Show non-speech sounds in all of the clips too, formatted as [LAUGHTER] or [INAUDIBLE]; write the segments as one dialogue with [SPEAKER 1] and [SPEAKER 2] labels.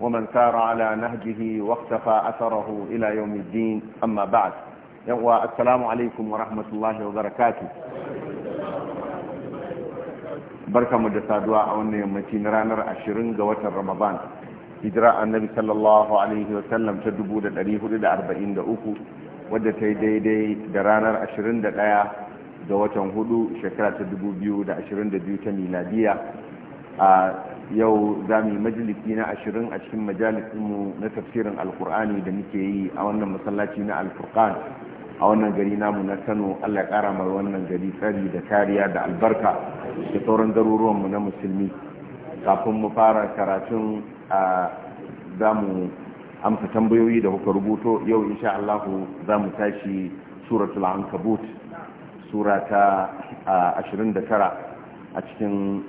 [SPEAKER 1] ومن سار على نهجه واختفى أثره إلى يوم الدين أما بعد السلام عليكم ورحمة الله وبركاته barka mu da saduwa a wannan yammacin ranar ashirin ga watan ramadan hijira annabi sallallahu alaihi wa sallam ta 1443 wadda ta yi daidai da ranar ashirin da daya ga watan hudu shekara ta 2022 ta miladiya yau za mu yi majalisi na ashirin a cikin majalisinmu na tafsirin alkur'ani da muke yi a wannan masallaci na alfurkan a wannan gari namu na kano allah ya kara mai wannan gari tsari da kariya da albarka da sauran mu na musulmi kafin mu fara karatun a za mu amsa tambayoyi da kuka rubuto yau insha allahu za mu tashi suratul ankabut sura ta 29 a cikin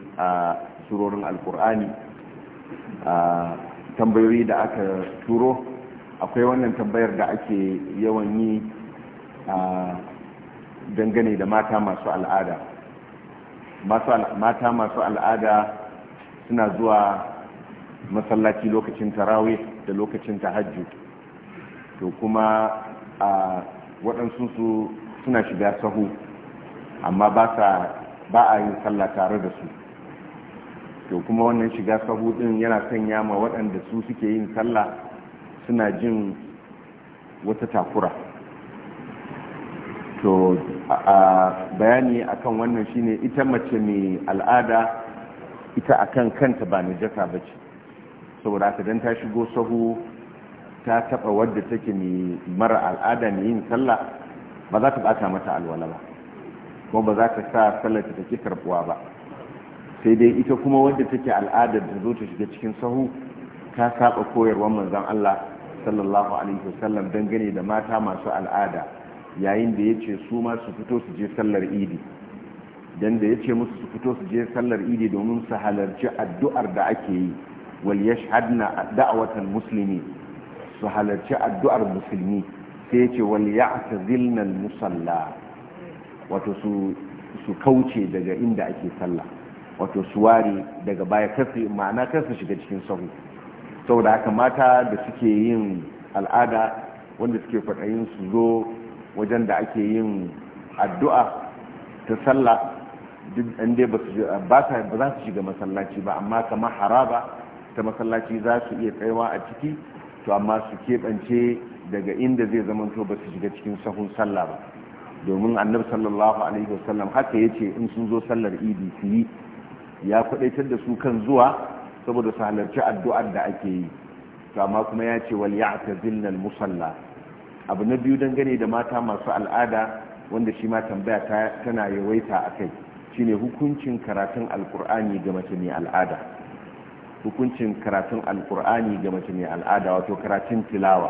[SPEAKER 1] surorin alkur'ani a tambayoyi da aka turo akwai wannan tambayar da ake yawan yi a dangane da mata masu al'ada mata masu al'ada suna zuwa masallaci lokacin tarawe da lokacin tahajju to kuma a waɗansu su suna shiga sahu amma ba a yin sallah tare da su to kuma wannan shiga sahu din yana sanya ma waɗanda su suke yin sallah suna jin wata takura to a bayani akan wannan shine ita mace mai al'ada ita akan kanta ba jaka bace saboda aka don ta shigo sahu ta taba wadda take mai mara al'ada mai yin sallah ba za ta bata mata alwala ba kuma ba za ta sa sallar ta take karbuwa ba sai dai ita kuma wanda take al'adar da zo ta shiga cikin sahu ta saba koyarwar manzon Allah sallallahu alaihi wasallam dangane da mata masu al'ada yayin da yace su ma su fito su je sallar idi dan da yace musu su fito su je sallar idi domin su halarci addu'ar da ake yi wal yashhadna da'watan muslimin su halarci addu'ar musulmi sai yace wal ya'tazilna al musalla wato su su kauce daga inda ake sallah wato su daga baya kasu ma'ana kasu shiga cikin sahu saboda haka mata da suke yin al'ada wanda suke kwaɗayin su zo wajen da ake yin addu'a ta sallah duk inda ba za su shiga masallaci ba amma kamar haraba ta masallaci za su iya tsayawa a ciki to amma su keɓance daga inda zai zamanto ba su shiga cikin sahun sallah ba domin annabi sallallahu alaihi wasallam haka yace in sun zo sallar idi su yi ya kwadaitar da su kan zuwa saboda su halarci addu'ar da ake yi to amma kuma ya ce wal ya'tazilna musalla abu na biyu dangane da mata masu al'ada wanda shi ma tambaya tana yawaita akai shine hukuncin karatun alqur'ani ga mace mai al'ada hukuncin karatun alqur'ani ga mace mai al'ada wato karatun tilawa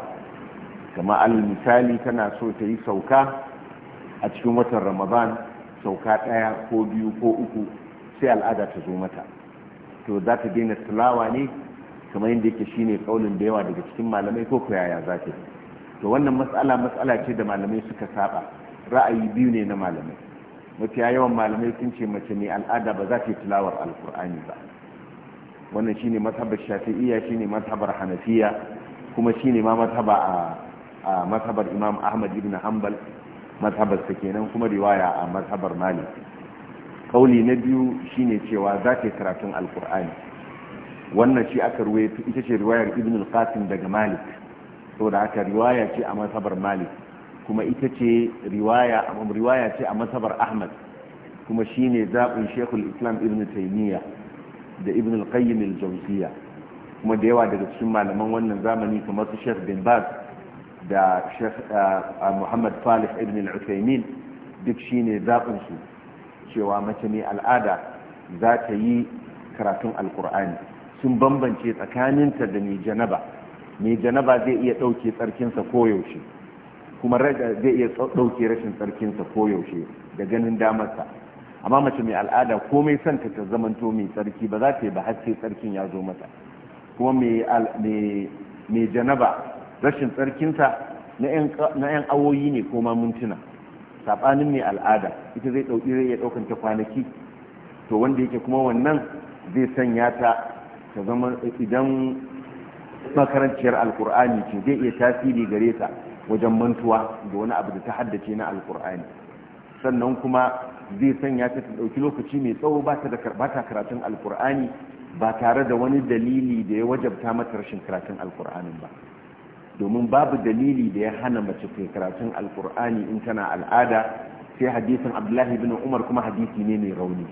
[SPEAKER 1] kama al misali tana so ta yi sauka a cikin watan ramadan sauka ɗaya ko biyu ko uku sai al'ada ta zo mata to za ta daina tilawa ne kamar yadda yake shine kaulin da yawa daga cikin malamai ko ko yaya za ta to wannan matsala matsala ce da malamai suka saba ra'ayi biyu ne na malamai mafiya yawan malamai sun ce mace mai al'ada ba za ta yi tilawar alkur'ani ba wannan shine mazhabar shafi'iyya shine mazhabar hanafiya kuma shine ma mazhaba a mazhabar imam ahmad ibn hanbal mazhabar sa kenan kuma riwaya a mazhabar maliki kauli na biyu shine cewa za ta yi karatun alkur'ani wannan shi aka ruwaito ita ce riwayar ibn al-qasim daga malik saboda haka riwaya ce a masabar malik kuma ita ce riwaya riwaya ce a masabar ahmad kuma shine zabin shekul islam ibn taymiya da ibn al-qayyim al-jawziya kuma da yawa daga cikin malaman wannan zamani kamar su bin baz da sheikh eh, muhammad falih ibn al duk shine zaɓin su cewa mace mai al'ada za ta yi karatun alkur'ani sun bambance tsakaninta da mai janaba mai janaba zai iya ɗauke tsarkinsa koyaushe kuma zai iya ɗauke rashin tsarkinsa koyaushe da ganin damarsa amma mace mai al'ada komai santa ta zamanto mai tsarki ba za ta yi ba har sai tsarkin ya zo mata kuma mai janaba rashin tsarkinsa na 'yan awoyi ne ko mintuna sabanin mai al'ada ita zai dauki zai ya daukan kwanaki to wanda yake kuma wannan zai sanya ta ta zama idan makaranciyar alkur'ani ce zai iya tasiri gare ta wajen mantuwa da wani abu da ta haddace na alkur'ani sannan kuma zai sanya ta ta dauki lokaci mai tsawo ba ta da karatun alkur'ani ba tare da wani dalili da ya wajabta mata rashin karatun alkur'anin ba domin babu dalili da ya hana mace kai karatun alkur'ani in tana al'ada sai hadisin abdullahi bin umar kuma hadisi ne mai rauni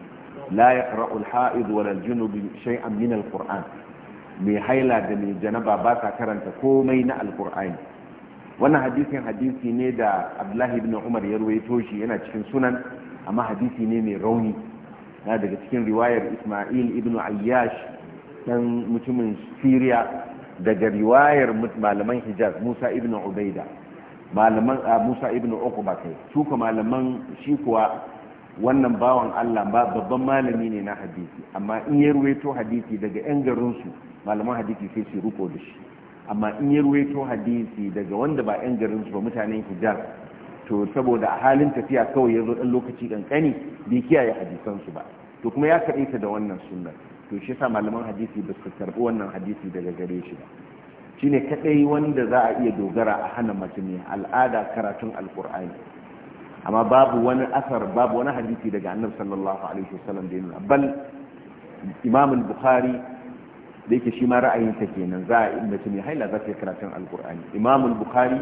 [SPEAKER 1] la yaqra'u al-ha'id wala al-junub min al-qur'an mai haila da mai janaba ba sa karanta komai na alkur'ani wannan hadisin hadisi ne da abdullahi bin umar ya ruwaito shi yana cikin sunan amma hadisi ne mai rauni na daga cikin riwayar isma'il ibn ayyash dan mutumin syria daga riwayar malaman hijaz musa ibn ubaida malaman ah, musa ibn uqba kai su ko malaman shi kuwa wannan bawan allah babban malami ne na hadisi amma in ya ruwaito hadisi daga yan garinsu malaman hadisi sai su ruko da shi amma in ya ruwaito hadisi daga wanda ba yan garinsu ba mutanen hijaz to saboda a halin tafiya kawai ya zo dan lokaci ƙanƙani bai kiyaye hadisansu ba to kuma ya kaɗaita da wannan sunnar to shi sa malaman hadisi ba su karbi wannan hadisi daga gare shi ba shi ne kadai wanda za a iya dogara a hana mace ya al'ada karatun alkur'ani amma babu wani asar babu wani hadisi daga annabi sallallahu alaihi wasallam da yana bal imam bukhari da yake shi ma sa kenan za a mace ne haila za ta karatun alkur'ani imam bukhari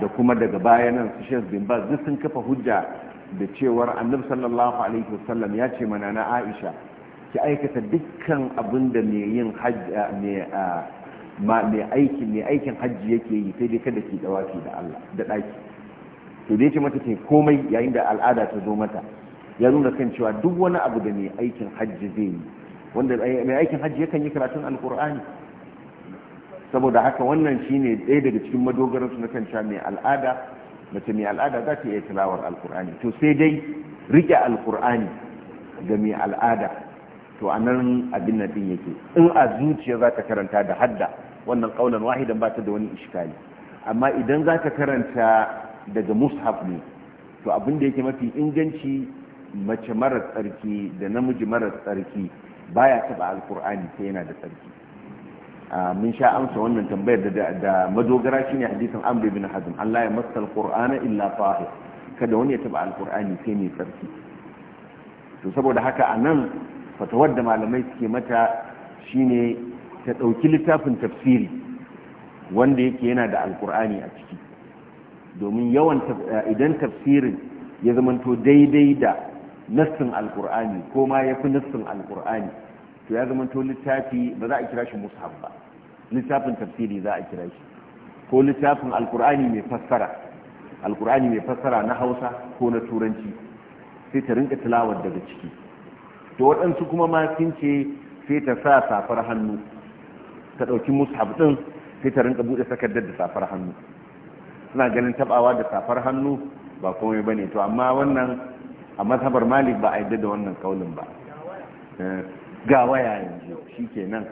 [SPEAKER 1] da kuma daga baya nan su shek bin baz duk sun kafa hujja da cewar annabi sallallahu alaihi wasallam ya ce mana na aisha ki aikata dukkan abin da mai yin mai mai aikin hajji yake yi sai dai kada ki dawaki da Allah da ɗaki. to dai ce mata ce komai yayin da al'ada ta zo mata ya nuna kan cewa duk wani abu da mai aikin hajji zai yi wanda mai aikin hajji yakan yi karatun alkur'ani saboda haka wannan shine ɗaya daga cikin madogaran su na kan cewa mai al'ada mace mai al'ada za ta iya tilawar alkur'ani to sai dai riƙe alkur'ani ga mai al'ada to a nan abin nan din yake in a zuciya za ka karanta da hadda wannan kaulan wahidan ba ta da wani iskali amma idan za ka karanta daga mushaf ne to abin da yake mafi inganci mace mara tsarki da namiji mara tsarki baya taba alkur'ani sai yana da tsarki mun sha amsa wannan tambayar da madogara shine hadisin amr bin hazm Allah ya masa alqur'ana illa tahir kada wani ya taba alkur'ani sai mai tsarki to saboda haka anan fatawar da malamai suke mata shine ta ɗauki littafin tafsiri wanda yake yana da alkur'ani a ciki domin yawan eh, idan tafsirin ya zamanto daidai da nassin alkur'ani ko ma ya fi nassin alkur'ani to ya zamanto littafi ba za a kira shi mushaf ba littafin tafsiri za a kira shi ko littafin alkur'ani mai fassara alkur'ani mai fassara na hausa ko na turanci sai ta rinka tilawar daga ciki to waɗansu kuma ma sun ce sai ta sa safar hannu ta ɗauki mushaf ɗin sai ta rinka buɗe sakaddar da safar hannu suna ganin tabawa da safar hannu ba komai bane to amma wannan a mazhabar malik ba a yadda da wannan kaulin ba eh, ga waya yanzu shikenan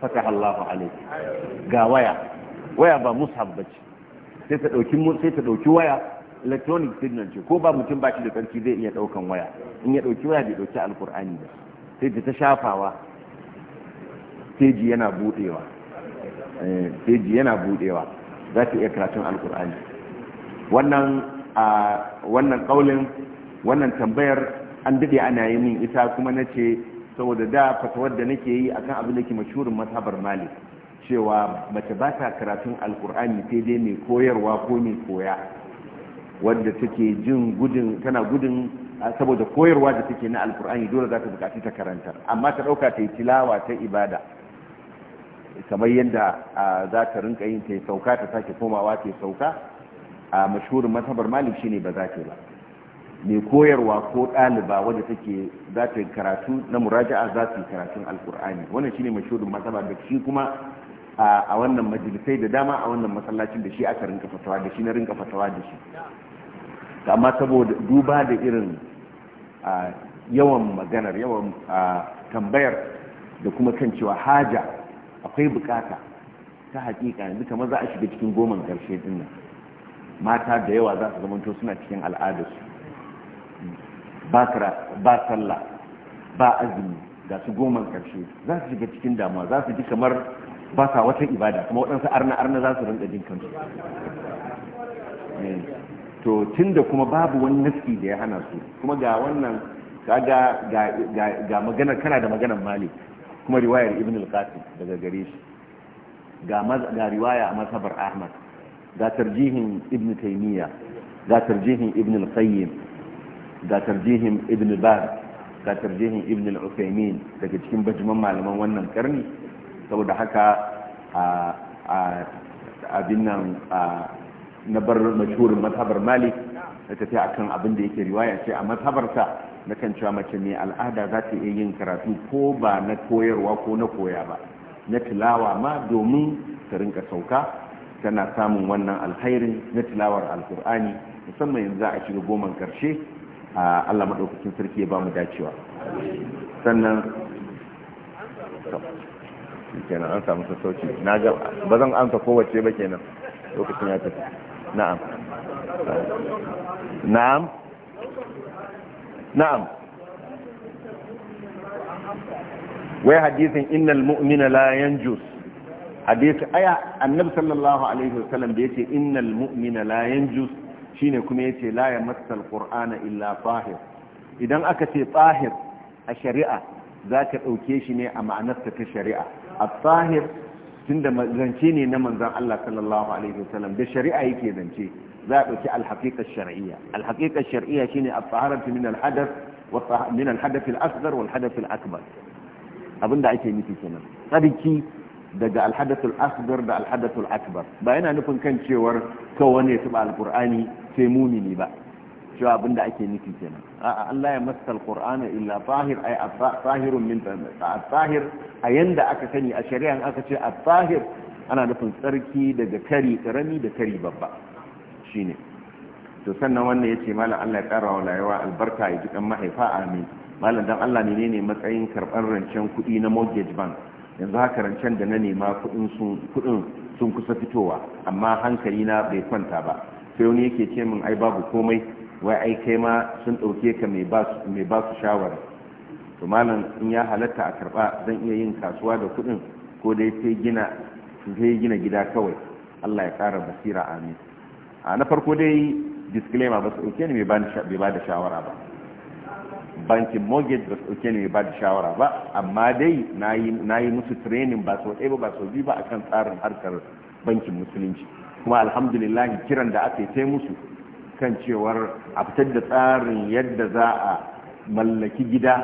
[SPEAKER 1] fatah Allah alaihi ga waya waya ba mushaf bace sai ta ɗauki sai ta ɗauki waya electronic signal ce ko ba mutum ba shi da karfi zai iya daukan waya in ya dauki waya bai dauki alkur'ani ba sai ta ta shafawa teji yana budewa teji eh, yana budewa za ta iya karatun alkur'ani wannan a wannan kaulin wannan tambayar an dade ana yi min ita kuma na ce saboda da fatawar da nake yi akan abin da ke mashurin mazhabar malik cewa mace ba ta karatun alkur'ani sai dai mai koyarwa ko mai koya wadda take jin gudun tana gudun saboda koyarwa da take na alkur'ani dole za ta bukaci ta karanta amma ta ɗauka ta yi tilawa ta ibada kamar yadda za ta rinka yin ta sauka ta sake komawa ta sauka a mashhurin masabar malik shine ba za ta ba mai koyarwa ko ɗaliba wadda take za ta karatu na muraja'a za ta yi karatun alkur'ani wannan shine mashhurin masabar da shi kuma a wannan majalisai da dama a wannan masallacin da shi aka rinka fatawa da shi na rinka fatawa da shi amma saboda duba da irin yawan maganar yawan tambayar da kuma kan cewa haja akwai bukata ta hakika yanzu kamar za a shiga cikin goma karshe din nan mata da yawa za su zamanto suna cikin al'adarsu ba sallah ba azumi ga su goma karshe za su shiga cikin damuwa za su ji kamar ba sa wata ibada kuma waɗansu arna arna za su rinka jin kansu eh. to tunda kuma babu wani nafsi da ya hana su kuma ga wannan kaga ga magana kana da maganar mali kuma riwayar ibn al-qasim daga gare shi ga ga riwaya a masabar ahmad ga tarjihin ibn taymiya ga tarjihin ibn al-qayyim ga tarjihin ibn bar ga tarjihin ibn al-usaymin daga cikin bajiman malaman wannan karni saboda haka a abin nan na bar mashhurin mazhabar malik fi tafi kan abin da yake riwaya ce a mazhabarsa na kan cewa mace mai al'ada za ta iya yin karatu ko ba na koyarwa ko na koya ba na tilawa ma domin ta rinka sauka tana samun wannan alkhairin na tilawar alkur'ani musamman yanzu a shiga goman karshe a allah maɗaukacin sarki ya ba mu dacewa sannan kenan an samu sassauci na ba zan amsa kowace ba kenan lokacin ya tafi na'am na'am na'am wai hadisin innal mu'mina la yanjus hadisi aya annabi sallallahu alaihi wasallam da yace innal mu'mina la yanjus shine kuma yace la yamassal qur'ana illa tahir idan aka ce tahir a shari'a zaka ɗauke shi ne a ma'anarsa ta shari'a at tunda zance ne na manzon Allah sallallahu alaihi wasallam da shari'a yake zance za a ɗauki alhaƙiƙar shari'a alhaƙiƙar shari'a shine a taharatu min al min al wal hadath akbar abinda ake nufi kenan sarki daga al-hadath da al akbar ba yana nufin kan cewar kawai ne tuba al sai mumini ba cewa abin da ake nufi kenan a'a Allah ya masal qur'ana illa zahir ay zahir min zahir a yanda aka sani a shari'an aka ce zahir ana nufin tsarki daga kari karami da kari babba shine to sannan wannan yace malam Allah ya kara wa layawa albarka ya ji kan mahaifa amin malam dan Allah ne ne matsayin karban rancen kuɗi na mortgage bank yanzu haka rancen da na nema kuɗin su kuɗin sun kusa fitowa amma hankali na bai kwanta ba sai wani yake ce min ai babu komai wai ai kai ma sun ɗauke ka mai ba su shawara to malam in ya halatta a karɓa zan iya yin kasuwa da kuɗin ko dai sai gina sai gina gida kawai Allah ya ƙara basira amin a na farko dai disclaimer ba su ɗauke ni mai ba da shawara ba bankin mortgage ba su ɗauke ni mai ba da shawara ba amma dai na yi musu training ba sau ɗaya ba ba sau biyu ba akan tsarin harkar bankin musulunci kuma alhamdulillah kiran da aka yi musu kan cewar a fitar da tsarin yadda za a mallaki gida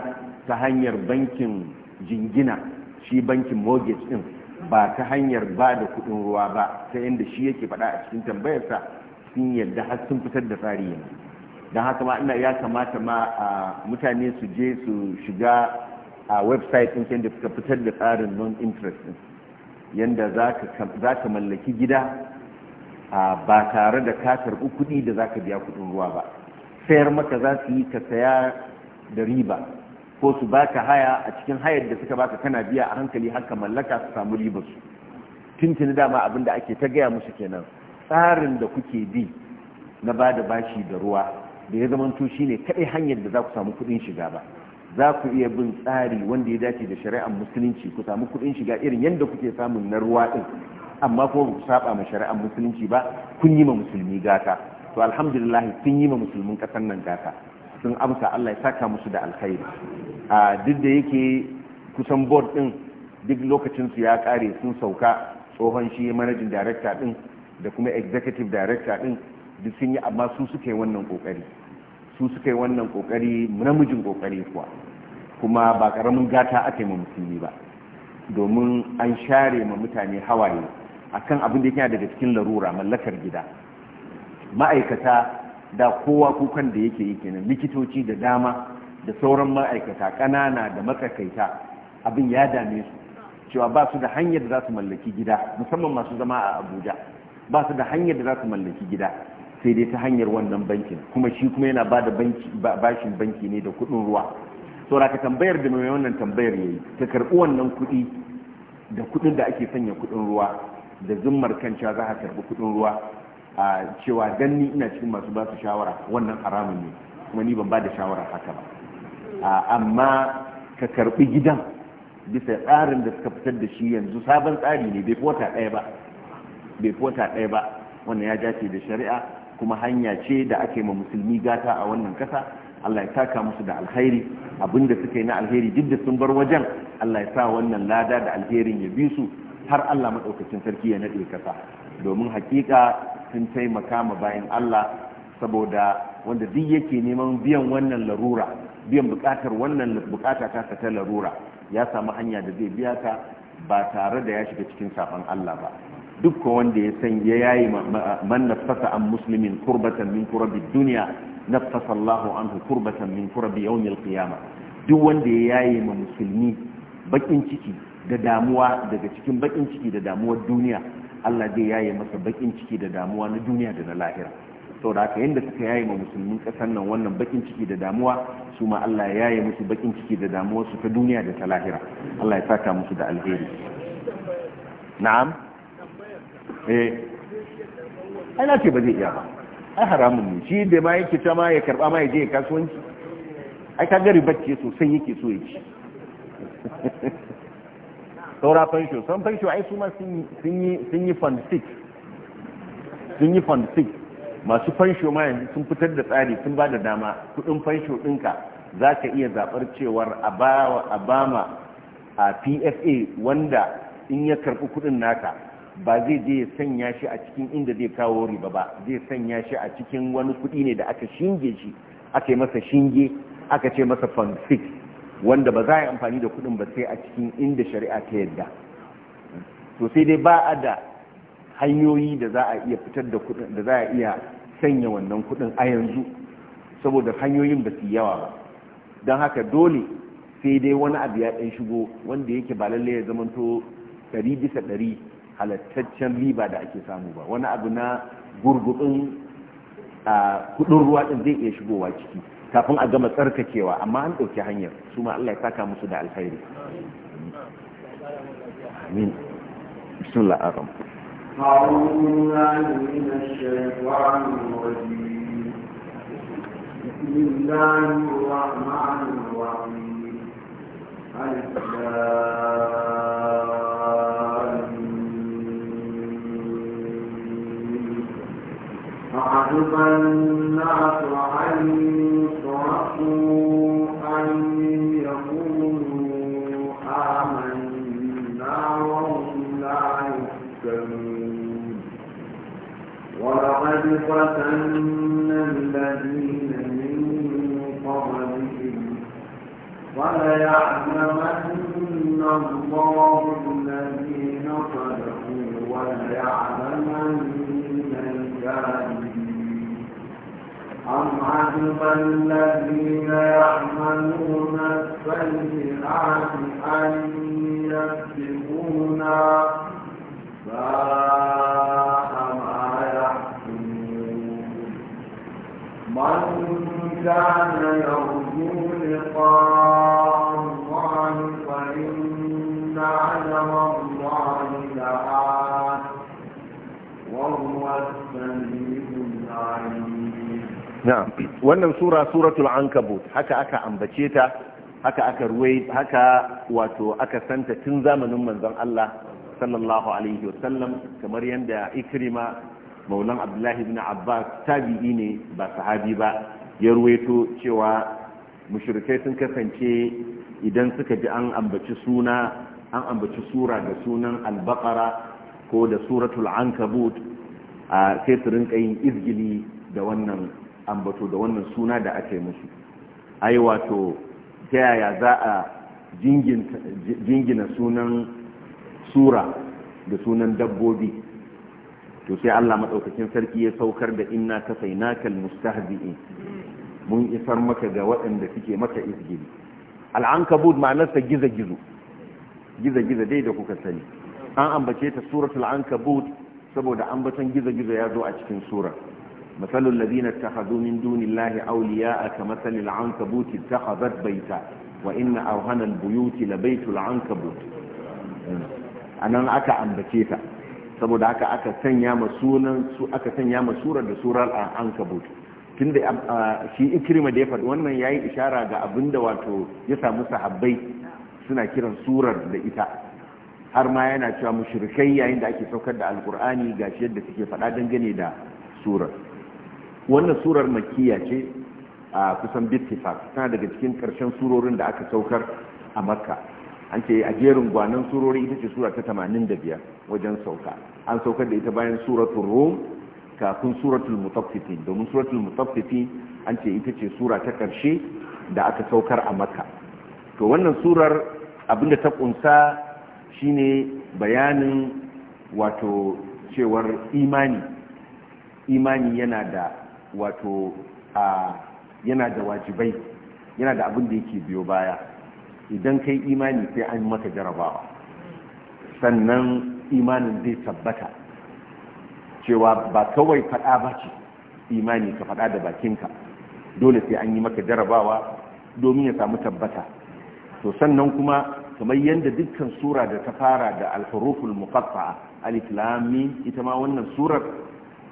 [SPEAKER 1] ta hanyar bankin jingina shi bankin mortgage din ba ta hanyar ba da kudin ruwa ba ta yadda shi yake faɗa a cikin tambayarsa sun yadda har sun fitar da tsari yanzu don haka ma ina ya kamata ma a mutane su je su shiga a website ɗin yadda suka fitar da tsarin non interest din yadda za ka mallaki gida ba tare da ka karɓi kuɗi da za ka biya kuɗin ruwa ba sayar maka za su yi ka saya da riba ko su baka haya a cikin hayar da suka baka kana biya a hankali haka mallaka su samu riba su tuntuni dama abin da ake ta gaya musu kenan tsarin da kuke bi na ba da bashi da ruwa da ya zamanto ne kaɗai hanyar da za ku samu kuɗin shiga ba za ku iya bin tsari wanda ya dace da shari'ar musulunci ku samu kuɗin shiga irin yadda kuke samun na ruwa ɗin amma kuma ba ku saba ma shari'ar musulunci ba kun yi ma musulmi gata to alhamdulillah sun yi ma musulmin kasar nan gata sun amsa Allah ya saka musu da alkhairi a duk da yake kusan board din duk lokacin su ya kare sun sauka tsohon shi managing director din da kuma executive director din duk sun yi amma su suka yi wannan kokari su suka yi wannan kokari namijin kokari kuwa kuma ba karamin gata ake ma musulmi ba domin an share ma mutane hawaye akan abin da yake daga cikin larura mallakar gida ma'aikata da kowa kukan da yake yi kenan likitoci da dama da sauran ma'aikata ƙanana da matsakaita abin ya dame su cewa ba su da hanyar da za su mallaki gida musamman masu zama a abuja ba su da hanyar da za su mallaki gida sai dai ta hanyar wannan bankin kuma shi kuma yana ba da bashin banki ne da kuɗin ruwa saura ka tambayar da mai wannan tambayar yayi ta karɓi wannan kuɗi da kuɗin da ake sanya kuɗin ruwa da zummar kanca za a karɓi kuɗin ruwa a cewa dan ni ina cikin masu ba su shawara wannan haramun ne kuma ni ban ba da shawara haka ba amma ka karɓi gidan bisa tsarin da suka fitar da shi yanzu sabon tsari ne bai fota ɗaya ba bai fota ɗaya ba wannan ya dace da shari'a kuma hanya ce da ake ma musulmi gata a wannan kasa Allah ya saka musu da alheri abinda suka yi na alheri duk da sun bar wajen Allah ya sa wannan lada da alherin ya bi su har Allah maɗaukacin sarki ya naɗe kasa domin hakika sun taimaka ma bayan Allah saboda wanda duk yake neman biyan wannan larura biyan buƙatar wannan bukata ta ta larura ya samu hanya da zai biya ta ba tare da ya shiga cikin safan Allah ba dukkan wanda ya san ya yayi man nafasa an muslimin kurbatan min kurabi duniya nafasa Allahu anhu kurbatan min kurabi yawmil qiyamah duk wanda ya yayi ma musulmi bakin ciki da damuwa daga cikin bakin ciki da damuwar duniya Allah zai yaye masa bakin ciki da damuwa na duniya da na lahira da haka yadda suka yaye ma musulmin kasar nan wannan bakin ciki da damuwa su ma Allah ya yaye musu bakin ciki da damuwa su ta duniya da ta lahira Allah ya saka musu da alheri na'am eh ai na ce ba zai iya ba ai haramun ne shi da ma yake ta ma ya karba ma ya je ya kasuwanci ai ka gari bacci sosai yake so ya ci [LAUGHS] saura fansho sun fansho ai su ma sun yi fund 6 sun yi fund 6 masu fansho ma yanzu sun fitar da tsari sun ba da dama kudin fansho ɗinka za ka iya zaɓar cewar a ba ma a pfa wanda in ya karɓi kudin naka ba zai je sanya shi a cikin inda zai kawo riba ba zai sanya shi a cikin wani kudi ne da aka shinge shi aka yi masa shinge aka ce masa fund 6 wanda ba za a yi amfani da kudin ba sai a cikin inda shari'a ta yadda to sai dai ba a da hanyoyi da za a iya fitar da kudin da za a iya sanya wannan kudin a yanzu saboda hanyoyin ba su yawa ba don haka dole sai dai wani abu ya ɗan shigo wanda yake ba lallai ya zamanto ɗari bisa ɗari halattaccen riba da ake samu ba wani abu na gurgudun kudin ruwa ɗin zai iya shigowa ciki kafin a gama tsarkakewa amma an ɗauki hanyar su ma Allah ya saka musu da alkhairi amin bismillah aram
[SPEAKER 2] بسم الله الرحمن الرحيم فعجب الناس عن فتنا الذين من قبلهم وليعلمن الله الذين صدقوا وليعلمن من الكافرين أم حسب الذين يعملون السيئات أن يسبقونا ساء ما يحكمون من كان يرجو لقاء الله فإن عدم الله لآت وهو السميع
[SPEAKER 1] العليم na'am wannan sura suratul ankabut haka aka ambace ta haka aka ruwai haka wato aka santa tun zamanin manzon Allah sallallahu alaihi wasallam kamar yanda ikrima maulan abdullahi ibn abbas tabi'i ne ba sahabi ba ya ruwaito cewa mushrikai sun kasance idan suka ji an ambaci suna an ambaci sura da sunan albaqara ko da suratul ankabut sai su rinka yin izgili da wannan ambato da wannan suna da aka yi musu ai wato ta yaya za a jingina sunan sura da sunan dabbobi to sai Allah maɗaukakin sarki ya saukar da inna ka sai nakal mun isar maka ga waɗanda suke maka izgili al'ankabut ta gizo-gizo gizo-gizo dai da kuka sani an ambace ta suratul ankabut saboda ambaton gizo-gizo ya zo a cikin surar مثل الذين اتخذوا من دون الله أولياء كمثل العنكبوت اتخذت بيتا وإن أوهن البيوت لبيت العنكبوت أنا أكا أم بكيتا saboda haka aka sanya ma sunan su aka sanya ma surar da surar al-ankabut tunda shi ikrima da ya faɗi wannan yayi ishara ga abinda wato ya samu sahabbai suna kiran surar da ita har ma yana cewa mushrikai yayin da ake saukar da alqur'ani gashi yadda suke faɗa dangane da surar wannan surar makiya ce a kusan bittifak tana daga cikin karshen surorin da aka saukar a makka an ce a jerin gwanon surori ita ce sura ta 85 wajen sauka an saukar da ita bayan suratul rum kafin suratul mutaffifin domin suratul mutaffifin an ce ita ce sura ta karshe da aka saukar a makka to wannan surar abinda ta kunsa shine bayanin wato cewar imani imani yana da wato yana da wajibai yana da abin da yake biyo baya idan kai imani sai an maka jarabawa sannan imanin zai tabbata cewa ba kawai faɗa ba ce imani ka faɗa da bakinka dole sai an yi maka jarabawa domin ya samu tabbata to sannan kuma kamar yadda dukkan sura da ta fara da alfarufin mukaffa alif lam ita ma wannan surar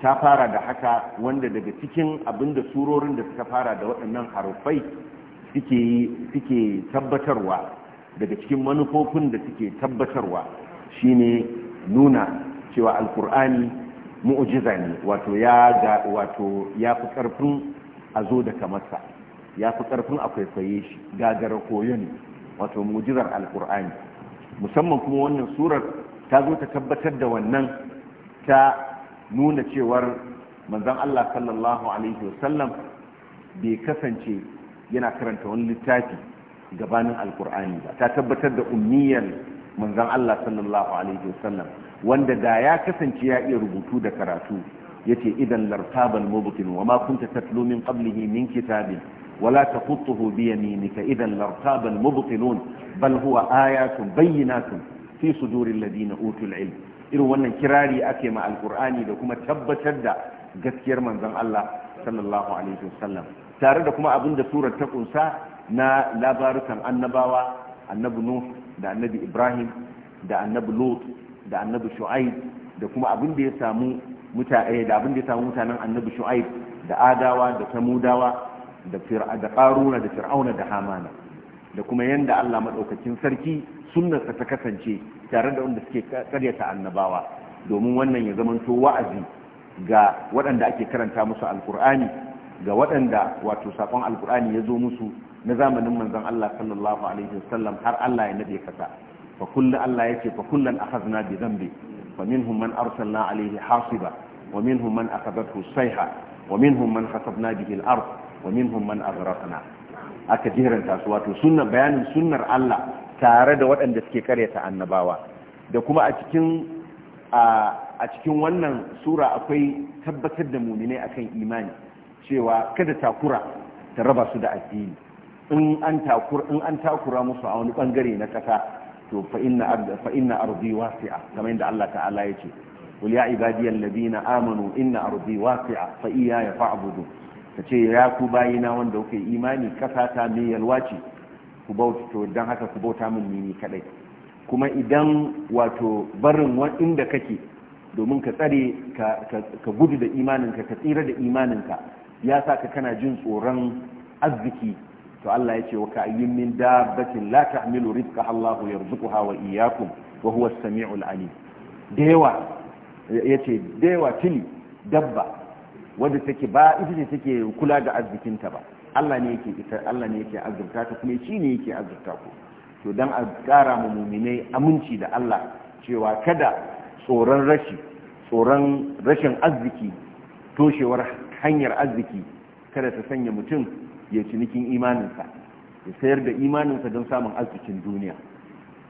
[SPEAKER 1] ta fara da haka wanda daga cikin abinda surorin da suka fara da waɗannan harufai suke tabbatarwa daga cikin manufofin da suke tabbatarwa shine nuna cewa alkur'ani mu'ujiza ne wato ya ga wato ya fi karfin a zo da kamarsa ya fi karfin a kwaikwaye shi gagara koyon wato mu'ujizar alkur'ani musamman kuma wannan surar ta zo ta tabbatar da wannan ta nuna cewar manzan Allah sallallahu alaihi wasallam bai kasance yana karanta wani littafi gabanin alkur'ani ba ta tabbatar da ummiyar manzon Allah sallallahu alaihi wasallam wanda da ya kasance ya iya rubutu da karatu yace idan lartabal mubtin wa ma kunta tatlu min qablihi min kitabin ولا تخطه بيمينك إذا لارتاب المبطلون بل هو آيات بينات في صدور الذين أوتوا العلم irin wannan kirari ake ma alkur'ani da kuma tabbatar da gaskiyar manzon Allah sallallahu alaihi wasallam tare da kuma abin da surar ta kunsa na labarukan annabawa annabi nuh da annabi ibrahim da annabi lut da annabi shu'aib da kuma abin da ya samu mutane eh, da abin da ya samu mutanen annabi shu'aib da adawa da Tamudawa da fir'a da qaruna da fir'auna da hamana da kuma yanda Allah maɗaukakin sarki sunnarsa ta kasance tare da wanda suke karyata annabawa domin wannan ya zamanto wa'azi ga waɗanda ake karanta musu alkur'ani ga waɗanda wato sakon alkur'ani ya zo musu na zamanin manzon Allah sallallahu alaihi wasallam har Allah ya nabe kasa fa kullu Allah yake fa kullan akhadna bi dhanbi fa minhum man arsalna alaihi hasiba wa minhum man akhadathu sayha wa minhum man khasabna bihi al-ard wa minhum man aghraqna aka jiranta su wato sunnar bayanin sunnar Allah tare da waɗanda suke karyata annabawa da kuma a cikin a cikin wannan sura akwai tabbatar da muminai akan imani cewa kada takura ta raba su da addini in an takura in an takura musu a wani bangare na kasa to fa inna fa inna ardi wasi'a kamar yadda Allah ta'ala ya ce qul ya ibadiyal ladina amanu inna ardi wasi'a fa iyaya fa'budu ta ce ya ku bayina wanda kuke imani kasa ta mai yalwa ce ku bauta to don haka ku bauta min ni kadai kuma idan wato barin inda kake domin ka tsare ka gudu da imaninka ka tsira da imaninka ya sa ka kana jin tsoron arziki to Allah ya ce wa ka ka'ayyin min dabbatin la ta'milu rizqa Allahu yarzuquha wa iyyakum wa huwa as-sami'ul alim da yawa yace da yawa tili dabba wadda take ba ita ce take kula da arzikinta ba Allah ne yake ita Allah ne yake azurta ta kuma shi ne yake azurta ku to dan a ƙara mu mu'minai aminci da Allah cewa kada tsoron rashi tsoron rashin arziki toshewar hanyar arziki kada ta sanya mutum ya cinikin imaninsa ya sayar da imaninsa don samun arzikin duniya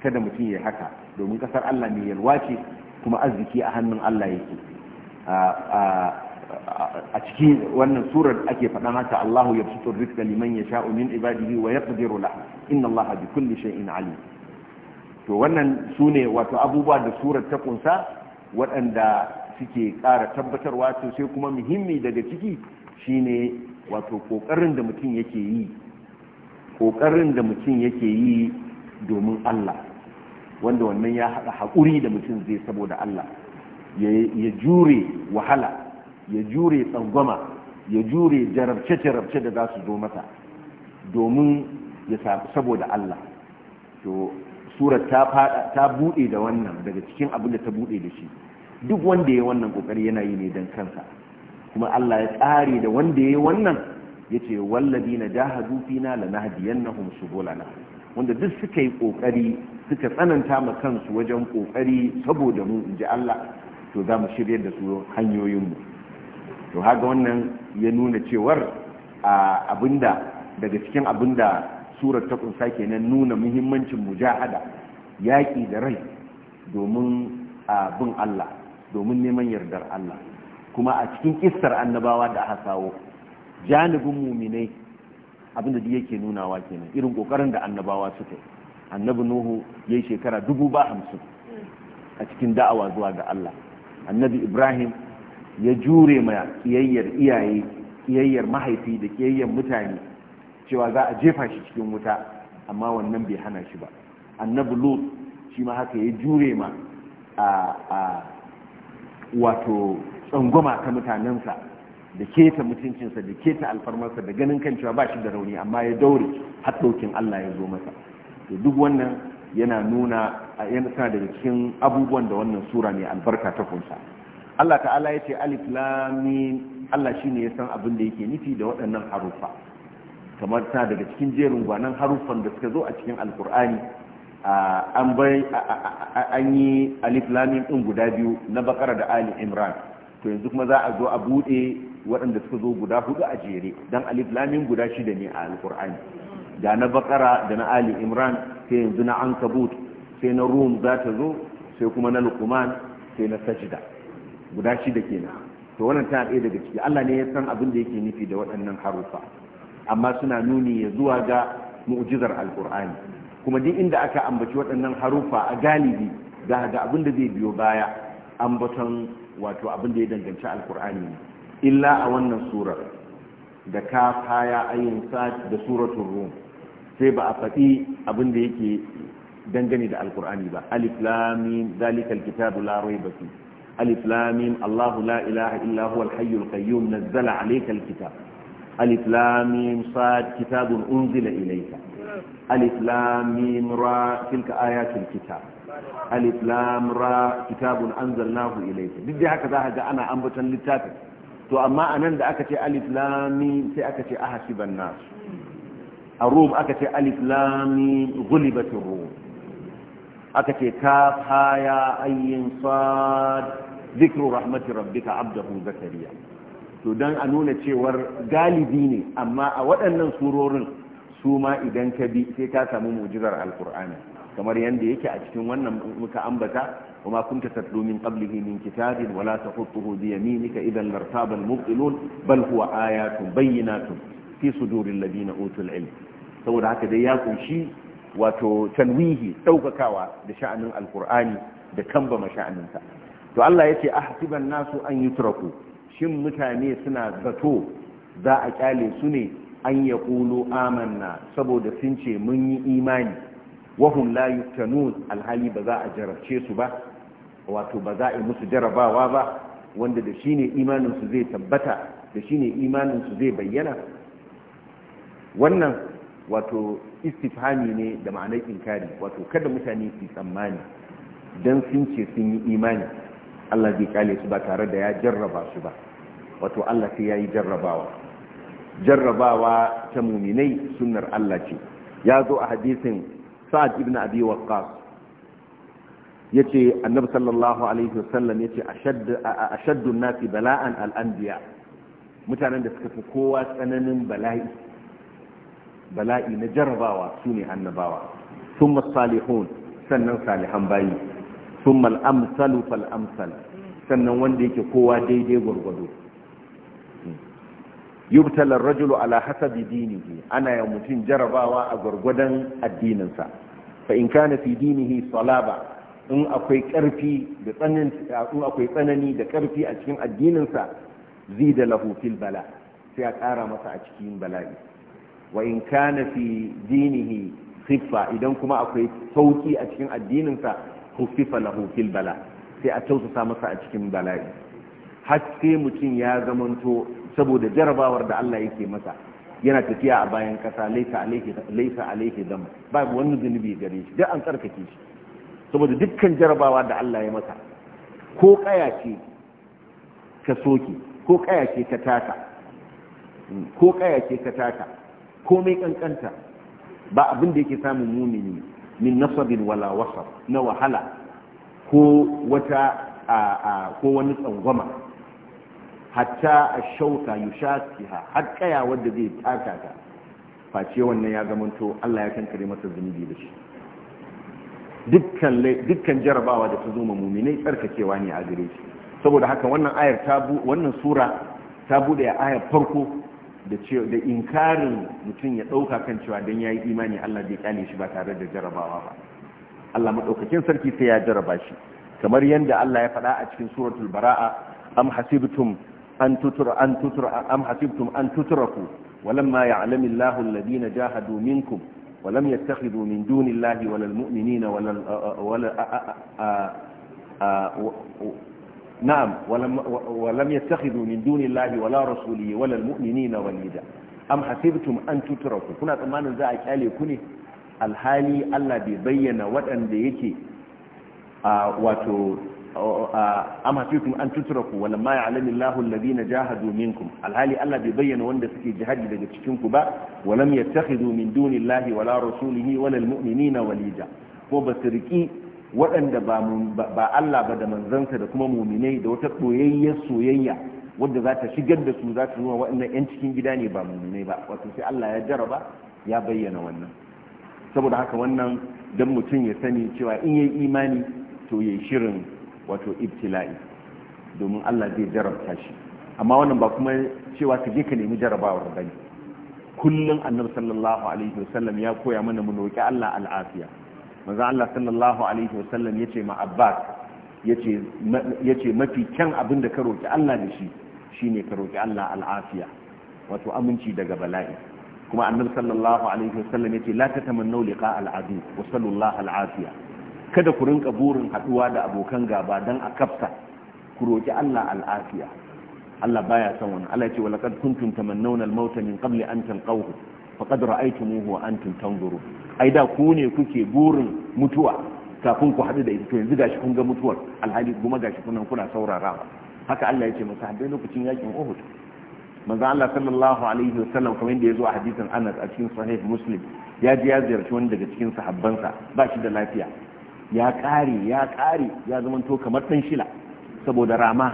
[SPEAKER 1] kada mutum ya haka domin kasar Allah mai yalwa ce kuma arziki a hannun Allah yake a cikin wannan surar ake faɗan haka Allahu ya fito rizqa liman yasha'u min ibadihi wa yaqdiru lahu inna Allah bi kulli shay'in alim to wannan sune wato abubuwa da surar ta kunsa waɗanda suke ƙara tabbatarwa to sai kuma muhimmi daga ciki shine wato kokarin da mutum yake yi kokarin da mutum yake yi domin Allah wanda wannan ya haɗa haƙuri da mutum zai saboda Allah ya jure wahala ya jure tsangwama ya jure jarabce-jarabce da za su zo mata domin ya saboda Allah to surar ta fada ta bude da wannan daga cikin abin da ta buɗe da shi duk wanda ya wannan kokari yana yi ne dan kansa kuma Allah ya tsare da wanda ya wannan ya ce na yace walladina jahadu fina lanahdiyannahum subulana wanda duk suka yi kokari suka tsananta ma kansu wajen kokari saboda mu inji Allah to za mu shiryar da su hanyoyin to haka wannan ya nuna cewar abinda daga cikin abinda surar ta kunsa kenan nuna muhimmancin mujahada yaƙi da rai domin bin Allah domin neman yardar Allah kuma a cikin kistar annabawa da aka kawo janibin muminai abinda da yake nunawa kenan irin kokarin da annabawa suka annabi nuhu yayi shekara dubu ba hamsin a cikin da'awa zuwa ga Allah annabi ibrahim ya jure ma kiyayyar iyaye kiyayyar mahaifi da kiyayyar mutane cewa za a jefa shi cikin wuta amma wannan bai hana shi ba annabi lut shi ma haka ya jure ma a wato tsangwama ta mutanensa da keta mutuncinsa da keta alfarmarsa da ganin kan cewa ba shi da rauni amma ya daure har ɗaukin allah ya zo masa to duk wannan yana nuna yana daga cikin abubuwan da wannan sura mai albarka ta kunsa Allah ta'ala ya ce alif lamin Allah shine ya san abin da yake nufi da waɗannan harufa kamar ta daga cikin jerin gwanan haruffan da suka zo a cikin alkur'ani an bai an yi alif lamin din guda biyu na bakara da ali imran to yanzu kuma za a zo a buɗe waɗanda suka zo guda hudu a jere dan alif lamin guda shida ne a alkur'ani da na bakara da na ali imran sai yanzu na ankabut sai na rum za ta zo sai kuma na luqman sai na sajida. guda shida kenan to wannan tana ɗaya daga ciki Allah ne ya san abin da yake nufi da waɗannan harufa amma suna nuni ya zuwa ga mu'jizar alkur'ani kuma duk inda aka ambaci waɗannan harufa a galibi za ga abin da zai biyo baya ambaton wato abin da ya danganci alkur'ani ne illa a wannan surar da ka faya ayin sa da suratul rum sai ba a faɗi abin da yake dangane da alkur'ani ba alif lam mim zalikal kitabu la rayba fihi ألف لاميم الله لا إله إلا هو الحي القيوم نزل عليك الكتاب ألف لاميم صاد كتاب أنزل إليك ألف ميم را تلك آيات الكتاب ألف لام را كتاب أنزلناه إليك بدي هكذا هذا أنا أنبتا للتاتي to amma a nan da aka ce alif lami sai aka ce a hasiban أكتي ألف rum ميم غلبت الروم أكتي كاف rum أي صاد zikru rahmati rabbika abdahu zakariya to don a nuna cewar galibi ne amma a waɗannan surorin su ma idan ka bi sai ta sami mujizar alkur'ani kamar yadda yake a cikin wannan muka ambata وما كنت تتلو من قبله من كتاب ولا تخطه بيمينك إذا لارتاب المبطلون بل هو آيات بينات في صدور الذين أوتوا العلم kunshi wato دياكم ɗaukakawa da sha'anin لشأن da دكمب مشأن سأل to Allah ya a ahsiban nasu an yi yutraku shin mutane suna zato za a kyale su ne an ya yaqulu amanna saboda sun ce mun yi imani wa hum la alhali ba za a jarabce su ba wato ba za a yi musu jarabawa ba wanda da shine imanin su zai tabbata da shine imanin su zai bayyana wannan wato istifhami ne da ma'anar inkari wato kada mutane su tsammani don sun ce sun yi imani Allah bai kyale su ba tare da ya jarraba su ba wato Allah sai yayi jarrabawa jarrabawa ta muminai sunnar Allah ce ya zo a hadisin Sa'ad ibn Abi Waqqas yace Annabi sallallahu alaihi wasallam yace ashadd ashaddu an-nasi bala'an al-anbiya mutanen da suka fi kowa tsananin bala'i bala'i na jarrabawa sune annabawa thumma salihun sannan salihan bayi thumma amsalu amsal sannan wanda yake kowa daidai gwargwado yubtala ar-rajulu ala hasabi dinihi ana ya mutum jarabawa a gwargwadon addininsa fa in kana fi dinihi salaba in akwai karfi da tsanani in akwai tsanani da karfi a cikin addininsa zida lahu fil bala sai a kara masa a cikin bala'i wa in kana fi dinihi khiffa idan kuma akwai sauki a cikin addininsa hufifa lahu fil bala sai a tausasa masa a cikin bala'i haske mutum ya zamanto saboda jarabawar da Allah yake masa yana tafiya a bayan kasa laisa alaihi laisa alaihi dam ba wani zunubi gare shi duk an tsarkake shi saboda dukkan jarabawa da Allah ya masa ko kaya ce ka soki ko kaya ce ka taka mm, ko kaya ce ka taka komai kankanta ba abin da yake samun mumini min nasabin wala wasab na wahala ko wata ko wani tsangwama hatta a shauka yushakiha har kaya wanda zai taka ta face wannan ya zamanto Allah ya kankare masa zunubi da shi dukkan jarabawa da ta zo muminai tsarkakewa ne a gare shi saboda haka wannan ayar ta wannan sura ta bude ayar farko da da inkarin mutum ya ɗauka kan cewa dan yayi imani Allah bai kane shi ba tare da jarabawa ba Allah madaukakin sarki sai ya jaraba shi kamar yadda Allah ya faɗa a cikin suratul bara'a am hasibtum an tutura an tutura am hasibtum an tutraku walamma ya'lamu Allahu alladhina jahadu minkum ولم يتخذوا من دون الله ولا na'am walam yattakhidhu min dunillahi wala rasulihi wala almu'minina walida am hasibtum an tutraku kuna tsammanin za kyale ku ne alhali Allah bai bayyana waɗanda yake wato am hasibtum an tutraku wala ma ya'lamu Allahu alladhina jahadu minkum alhali Allah bai bayyana wanda suke jihadi daga cikin ku ba walam yattakhidhu min dunillahi wala rasulihi wala almu'minina walida ko ba su riki waɗanda ba Allah ba da manzansa da kuma muminai da wata soyayyar soyayya wadda za ta shigar da su za ta nuna waɗannan 'yan cikin gida ne ba muminai ba wato sai Allah ya jaraba ya bayyana wannan saboda haka wannan don mutum ya sani cewa in yi imani to ya shirin wato ibtila'i domin Allah zai jarabta shi amma wannan ba kuma cewa ka je ka nemi jarabawar bane kullum annabi sallallahu alaihi wasallam ya koya mana mu roki Allah al'afiya manzo Allah sallallahu alaihi wasallam yace ma Abbas yace yace mafi kyan abin da ka roki Allah da shi shine ka roki Allah al'afiya wato aminci daga bala'i kuma annabi sallallahu alaihi wasallam yace la tatamannu liqa al'adu wa sallallahu al'afiya kada ku rinka burin haduwa da abokan gaba dan a kafsa ku roki Allah al'afiya Allah baya son wannan Allah yace wa laqad kuntum tamannawna al-mauta min qabli an talqahu faqad ra'aytumuhu wa antum tanzurun ai da ku ne kuke burin mutuwa kafin ku haɗu da ita to yanzu gashi kun ga mutuwar alhali kuma gashi kunan kuna saurara haka Allah ya ce masa haddai lokacin yakin Uhud manzo Allah sallallahu alaihi wasallam kamar yadda ya zo a hadisin Anas a cikin sahih Muslim ya ji ya ziyarci wani daga cikin sahabbansa ba shi da lafiya ya kare ya kare ya zama to kamar dan shila saboda rama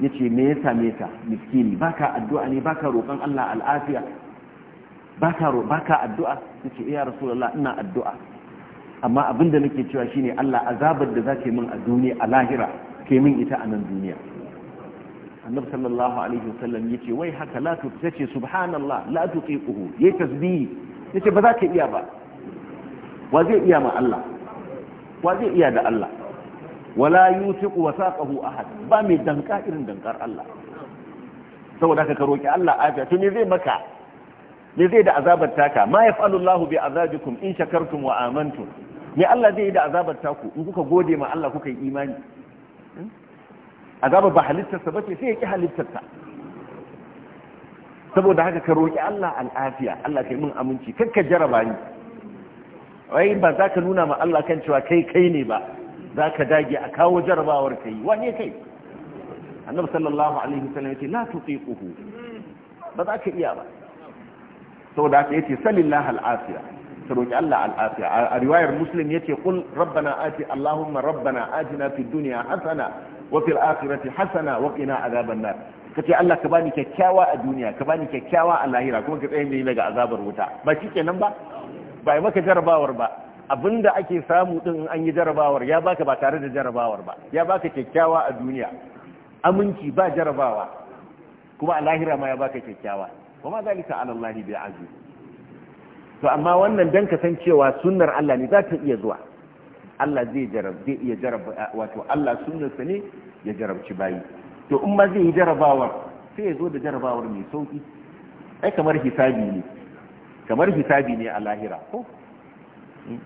[SPEAKER 1] yace me yasa me ka miskini baka addu'a ne baka roƙon Allah al'afiya ba ka addu'a nace iya rasulullah ina addu'a amma abinda nake cewa shine Allah azabar da zake min a duniya a lahira ke min ita a nan duniya annabi sallallahu alaihi wasallam ce wai haka la tu tace subhanallah la tuqiquhu yayi tasbihi ce ba za ka iya ba wa zai iya ma Allah wa zai iya da Allah wala yutiqu wasaqahu ahad ba mai danka irin dankar Allah saboda ka roki Allah afiya to ne zai maka ne zai da azabar taka ma yaf'alu Allahu bi azabikum in shakartum wa amantum me Allah zai yi da azabar taku in kuka gode ma Allah kuka yi imani azabar ba halittarsa ba ce sai ya ki halittarsa saboda haka ka roƙi Allah al'afiya Allah kai mun aminci ka jaraba ni wai ba za ka nuna ma Allah kan cewa kai kai ne ba za ka dage a kawo jarabawar kai wane kai annabi sallallahu alaihi wasallam ya ce la tuqiquhu ba za ka iya ba saboda haka yace salillah al'afiya ta roki Allah al'afiya a riwayar muslim yace qul rabbana ati allahumma rabbana atina fid dunya hasana wa fil akhirati hasana wa qina adhaban nar kace Allah ka bani kyakkyawa a duniya ka bani kyakkyawa a lahira kuma ka tsaye ni daga azabar wuta ba kenan ba ba maka jarabawar ba abinda ake samu din an yi jarabawar ya baka ba tare da jarabawar ba ya baka kyakkyawa a duniya aminci ba jarabawa kuma a lahira ma ya baka kyakkyawa wa ma zalika ala Allah bi aziz to amma wannan dan kasancewa sunnar Allah ne za ta iya zuwa Allah zai jarab zai iya jarab wato Allah sunnarsa ne ya jarabci bayi to in ma zai yi jarabawar sai ya zo da jarabawar mai sauki ai kamar hisabi ne kamar hisabi ne a lahira ko hmm.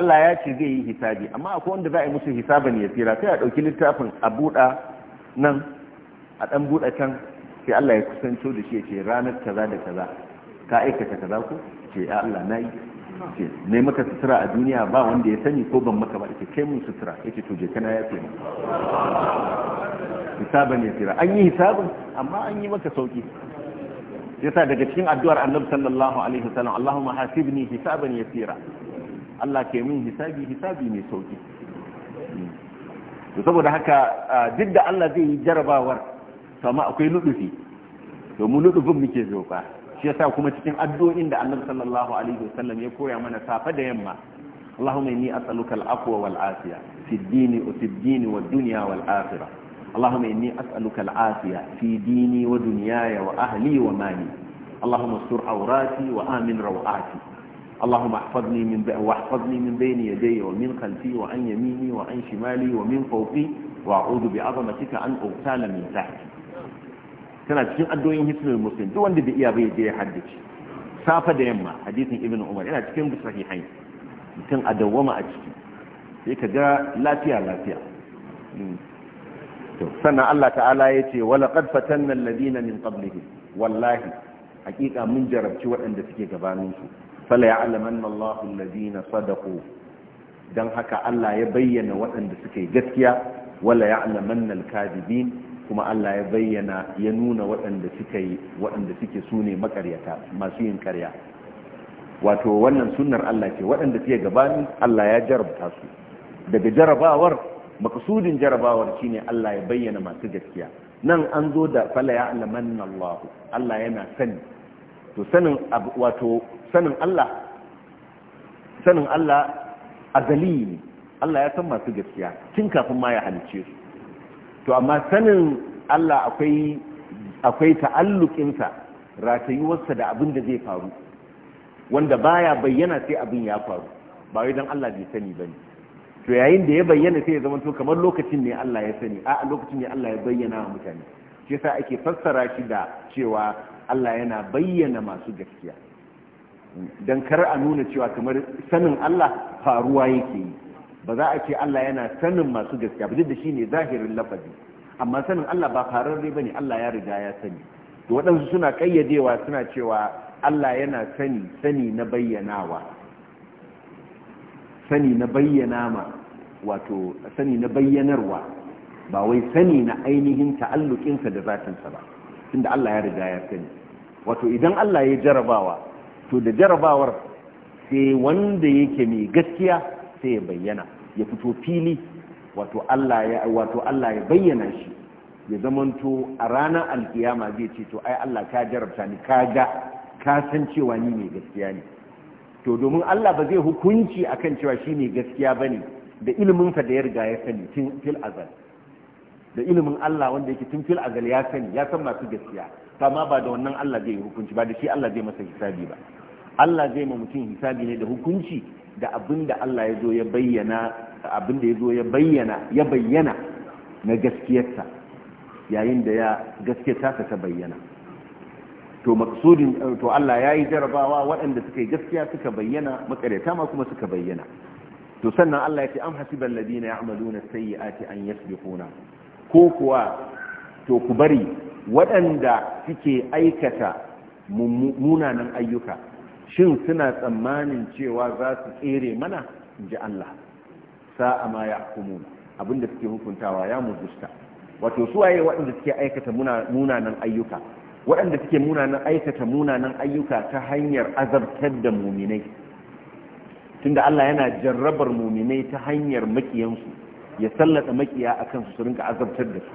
[SPEAKER 1] Allah ya ce zai yi hisabi amma akwai wanda za a yi musu hisaban ya tsira sai a ɗauki littafin a buɗa nan a ɗan buɗa can sai Allah ya kusanto da shi ya ce ranar kaza da kaza ka aikata kaza ko ce ya Allah na yi ce ne maka sutura a duniya ba wanda ya sani ko ban maka ba ce kai mun sutura ya ce to je kana ya ce hisaban ya tsira an yi hisabin amma an yi maka sauki yasa daga cikin addu'ar annabi sallallahu alaihi wasallam Allahumma hasibni hisaban yasira Allah ke mun hisabi hisabi mai sauki to saboda haka duk da Allah zai yi jarabawar kama akwai nufi domin nufin muke zoka shi yasa kuma cikin addu'o'in da annabi sallallahu ya koya mana safa da yamma Allahumma inni as'aluka al-afwa wal afiya fi dini wa fi dini wa inni as'aluka al-afiya fi wa dunyaya wa ahli wa mali Allahumma sur awrati wa amin rawati Allahumma ihfazni min ba'i wa ihfazni min wa min khalfi wa an yamini wa an shimali wa min fawqi wa a'udhu bi 'azamatika an ughtala min tana cikin addoyin hisnul muslim duk wanda bai iya bai je ya haddace safa da yamma hadisin ibnu umar yana cikin sahihai mutum a dawwama a ciki sai ka ga lafiya lafiya hmm. to sannan Allah ta'ala ya ce wala qad fatanna alladina min qablihim wallahi hakika mun jarabci waɗanda suke gabanin su fala ya'lamanna Allahu alladina sadaqu dan haka Allah ya bayyana waɗanda suke gaskiya wala ya'lamanna alkadibin kuma Allah ya bayyana ya nuna waɗanda suka yi waɗanda suke su ne makaryata masu yin karya wato wannan sunnar Allah ce waɗanda suke gabani Allah ya jarabta su daga jarabawar makasudin jarabawar shine Allah ya bayyana masu gaskiya nan an zo da fala ya alamanna Allah Allah yana sani to sanin wato sanin Allah sanin Allah azali ne Allah ya san masu gaskiya tun kafin ma ya halice su to amma sanin Allah akwai akwai ta'allukinsa ratayuwarsa da abin da zai faru wanda baya bayyana sai abin ya faru ba wai dan Allah bai sani ba ne. to yayin da ya bayyana sai ya zama to kamar lokacin ne Allah ya sani a lokacin ne Allah ya bayyana wa mutane shi yasa ake fassara shi da cewa Allah yana bayyana masu gaskiya dan kar a nuna cewa kamar sanin Allah faruwa yake yi ba za a ce Allah yana sanin masu gaskiya ba duk da ne zahirin lafazi amma sanin Allah ba fararre bane Allah ya riga ya sani to waɗansu suna kayyadewa suna cewa Allah yana sani sani na bayyanawa sani na bayyana ma wato sani na bayyanarwa ba wai sani na ainihin ta'allukinsa da zatinsa ba tunda Allah ya riga ya sani wato idan Allah ya jarabawa to da jarabawar sai wanda yake mai gaskiya sai ya bayyana ya fito fili wato Allah ya bayyana shi ya zamanto a ranar alkiyama zai ce to ai Allah ka jarabta ni ka ga ka san cewa ni ne gaskiya ne to domin Allah ba zai hukunci akan cewa shi ne gaskiya bane da ilimin da ya riga ya sani tun fil azal da ilimin Allah wanda yake tun fil azal ya sani ya san masu gaskiya amma ba da wannan Allah zai hukunci ba da shi Allah zai masa hisabi ba Allah zai ma mutum hisabi ne da hukunci da abin da Allah ya zo ya bayyana da abin da ya zo ya bayyana ya bayyana na gaskiyarsa yayin da ya gaskiyarsa ta ta bayyana to maksudin to Allah ya yi jarabawa waɗanda suka yi gaskiya suka bayyana makareta ma kuma suka bayyana to sannan Allah ya ce am hasiban ladina ya'maluna sayyi'ati an yasbiquna ko kuwa to ku bari waɗanda suke aikata munanan ayyuka shin suna tsammanin cewa za su tsere mana in ji Allah sa'a ma ya hukumu abinda suke hukuntawa ya muzusta wato su waye waɗanda suke aikata munanan ayyuka waɗanda suke munanan aikata munanan ayyuka ta hanyar azabtar da muminai tunda Allah yana jarrabar muminai ta hanyar makiyansu ya sallata makiya akan su rinka azabtar da su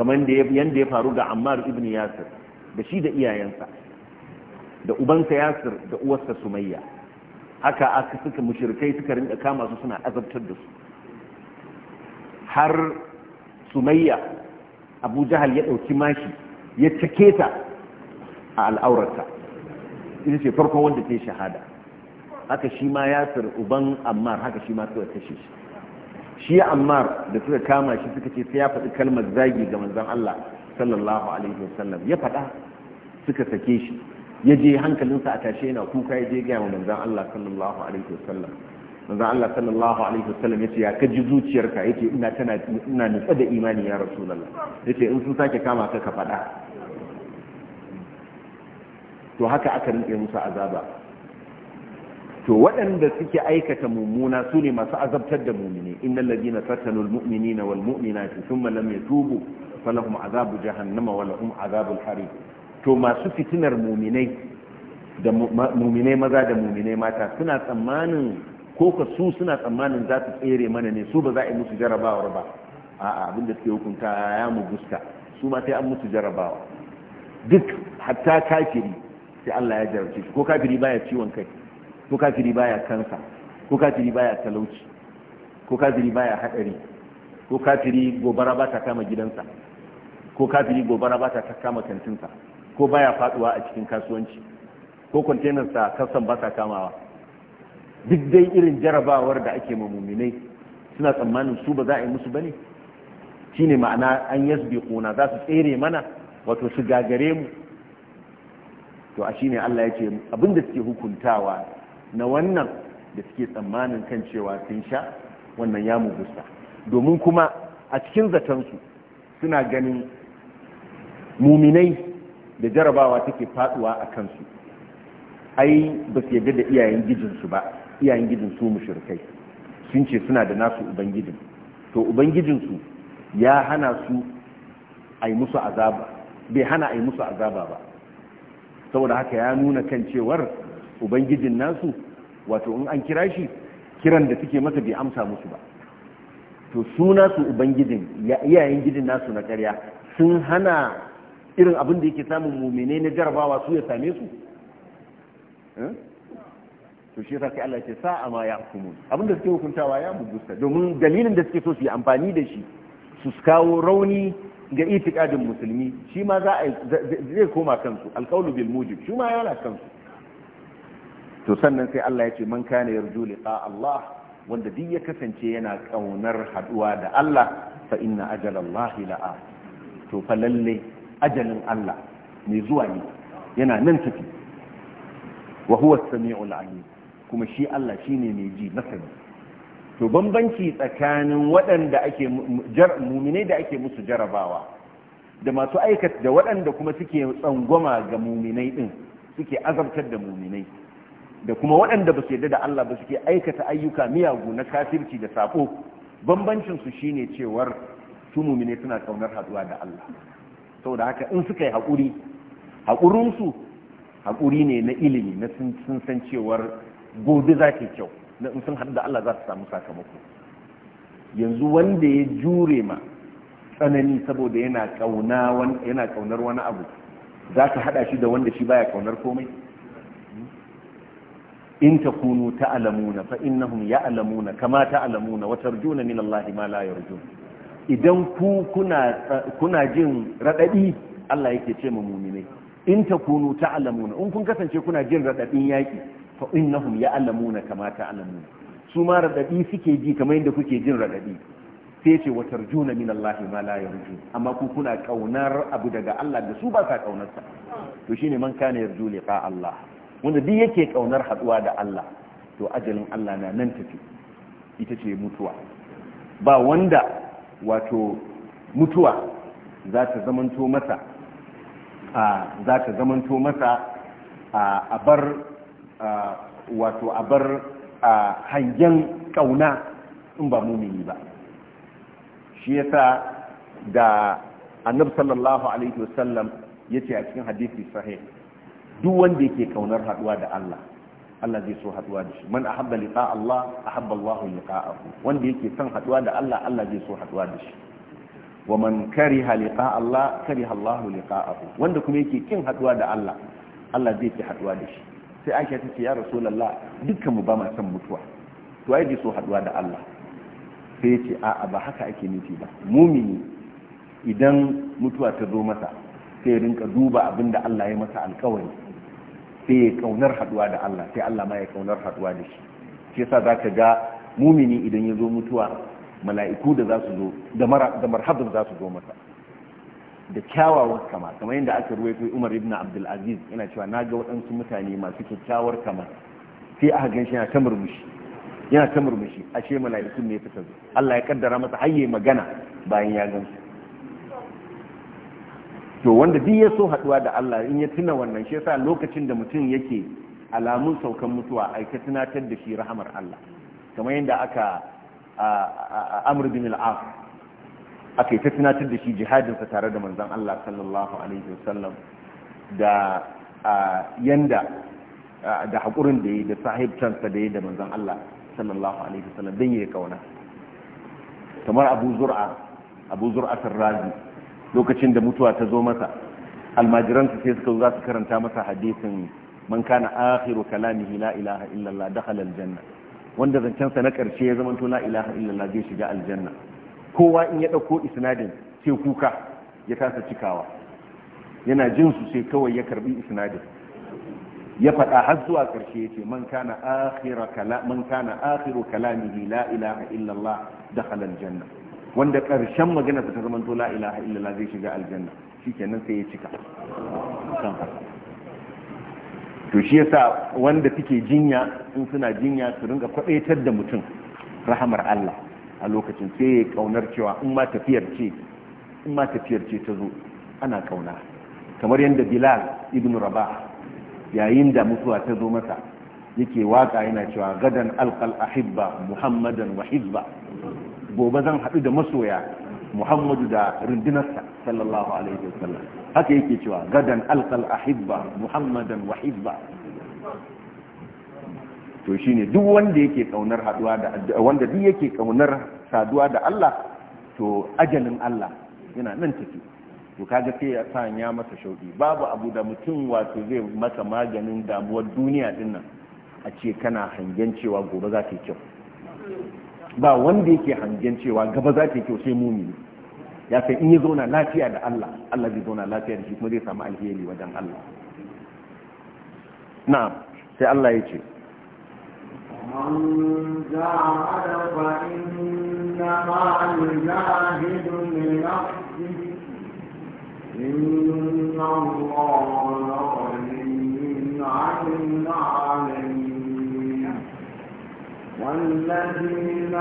[SPEAKER 1] kamar yadda ya faru da Ammar ibn Yasir da shi da iyayensa da ubansa yasir da uwarsa sumayya haka aka suka mushrikai suka rinka kama su suna azabtar da su har sumayya abu jahal ya ɗauki mashi ya cike ta a al'aurarta ita ce farko wanda ta shahada haka shi ma yasir uban ammar haka shi ma suka kashe shi shi ammar da suka kama shi suka ce sai ya faɗi kalmar zagi ga manzon Allah sallallahu alaihi wasallam ya faɗa suka sake shi ya je hankalinsa a tashe yana kuka ya je gaya wa manzan Allah sallallahu alaihi wasallam manzan Allah sallallahu alaihi wasallam yace ya kaji zuciyarka yace ina tana ina nutsa da imani ya rasulullah yace in sun sake kama ka ka faɗa to haka aka rinke musu azaba to waɗanda suke aikata mummuna su ne masu azabtar da mumini innal ladina fatanu almu'minina walmu'minati thumma lam yatubu falahum azabu jahannama wa lahum azabul hariq to masu fitinar muminai da muminai maza da muminai mata suna tsammanin ko ka su suna tsammanin za su tsere mana ne su ba za a yi musu jarabawar ba a'a abin da suke hukunta ya mu gusta su ma sai an musu jarabawa duk hatta kafiri sai Allah ya jarabce shi ko kafiri baya ciwon kai ko kafiri baya kansa ko kafiri baya talauci ko kafiri baya hadari ko kafiri gobara ba ta kama gidansa ko kafiri gobara ba ta kama kantinsa ko baya faduwa a cikin kasuwanci ko sa kasan ba sa kamawa duk dai irin jarabawar da ake mamuminai suna tsammanin su ba za a yi musu ba bane shine ma'ana an yasbi kuna za su tsere mana wato su gagare mu to a shine Allah ya ce abin da suke hukuntawa na wannan da suke tsammanin kan cewa sun sha wannan ya mugusta domin kuma a cikin su suna ganin muminai da jarabawa take faduwa a kansu ai ba su yarda da iyayen gijinsu ba iyayen gijinsu mushrikai sun ce suna da nasu ubangijin to ubangijinsu ya hana su ai musu azaba bai hana ai musu azaba ba saboda haka ya nuna kan cewar ubangijin nasu wato in an kira shi kiran da suke masa bai amsa musu ba to su nasu ubangijin iyayen gidin nasu na karya sun hana irin abin da yake samun mumine na jarabawa su ya same su eh? to shi ya sai Allah ce sa'a ma ya hukumu abin da suke hukuntawa ya mugusta domin dalilin da suke so su yi amfani da shi su kawo rauni ga itikadin musulmi shi ma za a koma kansu alkaulu bil mujib shi ma yana kansu to sannan sai Allah ya ce man kana yarju liqa Allah wanda duk ya kasance yana kaunar haduwa da Allah fa inna ajalallahi la'a to fa lalle ajalin Allah mai zuwa ne yana nan tafi wa huwa sami'ul alim kuma shi Allah shine mai ji masani to bambanci tsakanin waɗanda ake mumine da ake musu jarabawa da masu aikata da waɗanda kuma suke tsangwama ga muminai din suke azabtar da muminai da kuma waɗanda ba su yarda da Allah ba suke aikata ayyuka miyagu na kafirci da sako bambancin su shine cewar su muminai suna kaunar haduwa da Allah saboda haka in suka yi haƙuri haƙurinsu haƙuri ne na ilimi na sun san cewar gobe za ta kyau na in sun haɗu da Allah za su samu sakamako yanzu wanda ya jure ma tsanani saboda yana ƙaunar wani abu za ka haɗa shi da wanda shi baya ƙaunar komai in ta kunu ta alamuna fa innahum alamuna kama ta alamuna wa tarjuna min Allah ma la yarjuna idan ku kuna jin raɗaɗi Allah yake ce ma muminai in takunu ta'lamuna in kun kasance kuna jin raɗaɗin yaki fa innahum ya'lamuna kama ta'lamuna su ma raɗaɗi suke ji kamar yadda kuke jin raɗaɗi sai ce wa tarjuna min Allah ma la yarju amma ku kuna kaunar abu daga Allah da su ba ka kaunar sa to shine man kana yarju liqa Allah wanda duk yake kaunar haduwa da Allah to ajalin Allah na nan tafi ita ce mutuwa ba wanda wato mutuwa za ta zamanto masa za ta zamanto masa a bar wato a bar hangen kauna in ba mumini ba shi yasa da annabi sallallahu alaihi wasallam ya ce a cikin hadisi sahih duk wanda yake kaunar haduwa da Allah Allah zai so haduwa da shi man ahabba liqa Allah ahabba Allah liqa'ahu wanda yake son haduwa da Allah Allah zai so haduwa da shi wa man kariha liqa Allah kariha Allah liqa'ahu wanda kuma yake kin haduwa da Allah Allah zai ki haduwa da shi sai Aisha ta ce ya Rasulullah dukkan mu ba ma san mutuwa to ai so haduwa da Allah sai ya ce a'a ba haka ake nufi ba mumini idan mutuwa ta zo masa sai rinka duba abinda Allah ya masa alƙawari. sai ya kaunar haduwa da Allah sai Allah ma ya kaunar haduwa da shi shi yasa zaka ga mumini idan ya zo mutuwa mala'iku da za su zo da za su zo masa da kyawawan kama kamar yadda aka ruwaito Umar ibn Abdul Aziz yana cewa na ga waɗansu mutane masu kyakkyawar kama sai aka shi yana ta murmushi yana ta murmushi ashe mala'ikun ne suka zo Allah ya kaddara masa hayye magana bayan ya gansu to wanda duk ya so haduwa da Allah in ya tuna wannan shi yasa lokacin da mutum yake alamun saukan mutuwa ai ka tunatar da shi rahamar Allah kamar yadda aka Amr bin al-As aka yi ta tunatar da shi jihadinsa tare da manzon Allah sallallahu alaihi wasallam da yanda da haƙurin da yi da sahibtansa da yi da manzon Allah sallallahu alaihi wasallam don yi kauna kamar Abu Zur'a Abu Zur'a Sarrazi lokacin da mutuwa ta zo masa almajiransa sai suka zo za su karanta masa hadisin man kana akhiru kalamihi la ilaha illallah dakhala aljanna wanda zancen sa na karshe ya zama to la ilaha illallah zai shiga aljanna kowa in ya dauko isnadin sai kuka ya kasa cikawa yana jin su sai kawai ya karbi isnadin ya faɗa har zuwa ƙarshe ya ce man kana akhiru kalamihi la ilaha illallah dakhala aljanna wanda ƙarshen magana ta zama to la ilaha illallah zai shiga aljanna shikenan sai ya cika to shi yasa wanda suke jinya in suna jinya su ringa kwadaitar da mutum rahamar Allah a lokacin sai ya kaunar cewa in ma tafiyar ce in ma tafiyar ce ta zo ana kauna kamar yadda Bilal ibn Rabah yayin da mutuwa ta zo masa yake waka yana cewa gadan alqal ahibba muhammadan wa hizba gobe zan haɗu da masoya muhammadu da rundunarsa sallallahu alaihi wasallam haka yake cewa gadan a ahibba muhammadan wa hibba to shine duk wanda yake kaunar haduwa da wanda duk yake kaunar saduwa da Allah to ajalin Allah yana nan take to kaga sai ya sanya masa shauki babu abu da mutum wato zai masa maganin damuwar duniya dinnan a ce kana hangen cewa gobe za ta yi kyau ba wanda yake hangen cewa gaba za ta yi kyau sai muni ya sai in ya zauna lafiya da Allah Allah zai zauna lafiya da shi kuma zai samu alheri wajen Allah Na, sai Allah ya ce
[SPEAKER 2] من جاهد فإنما إن الله لغني عن العالمين والذين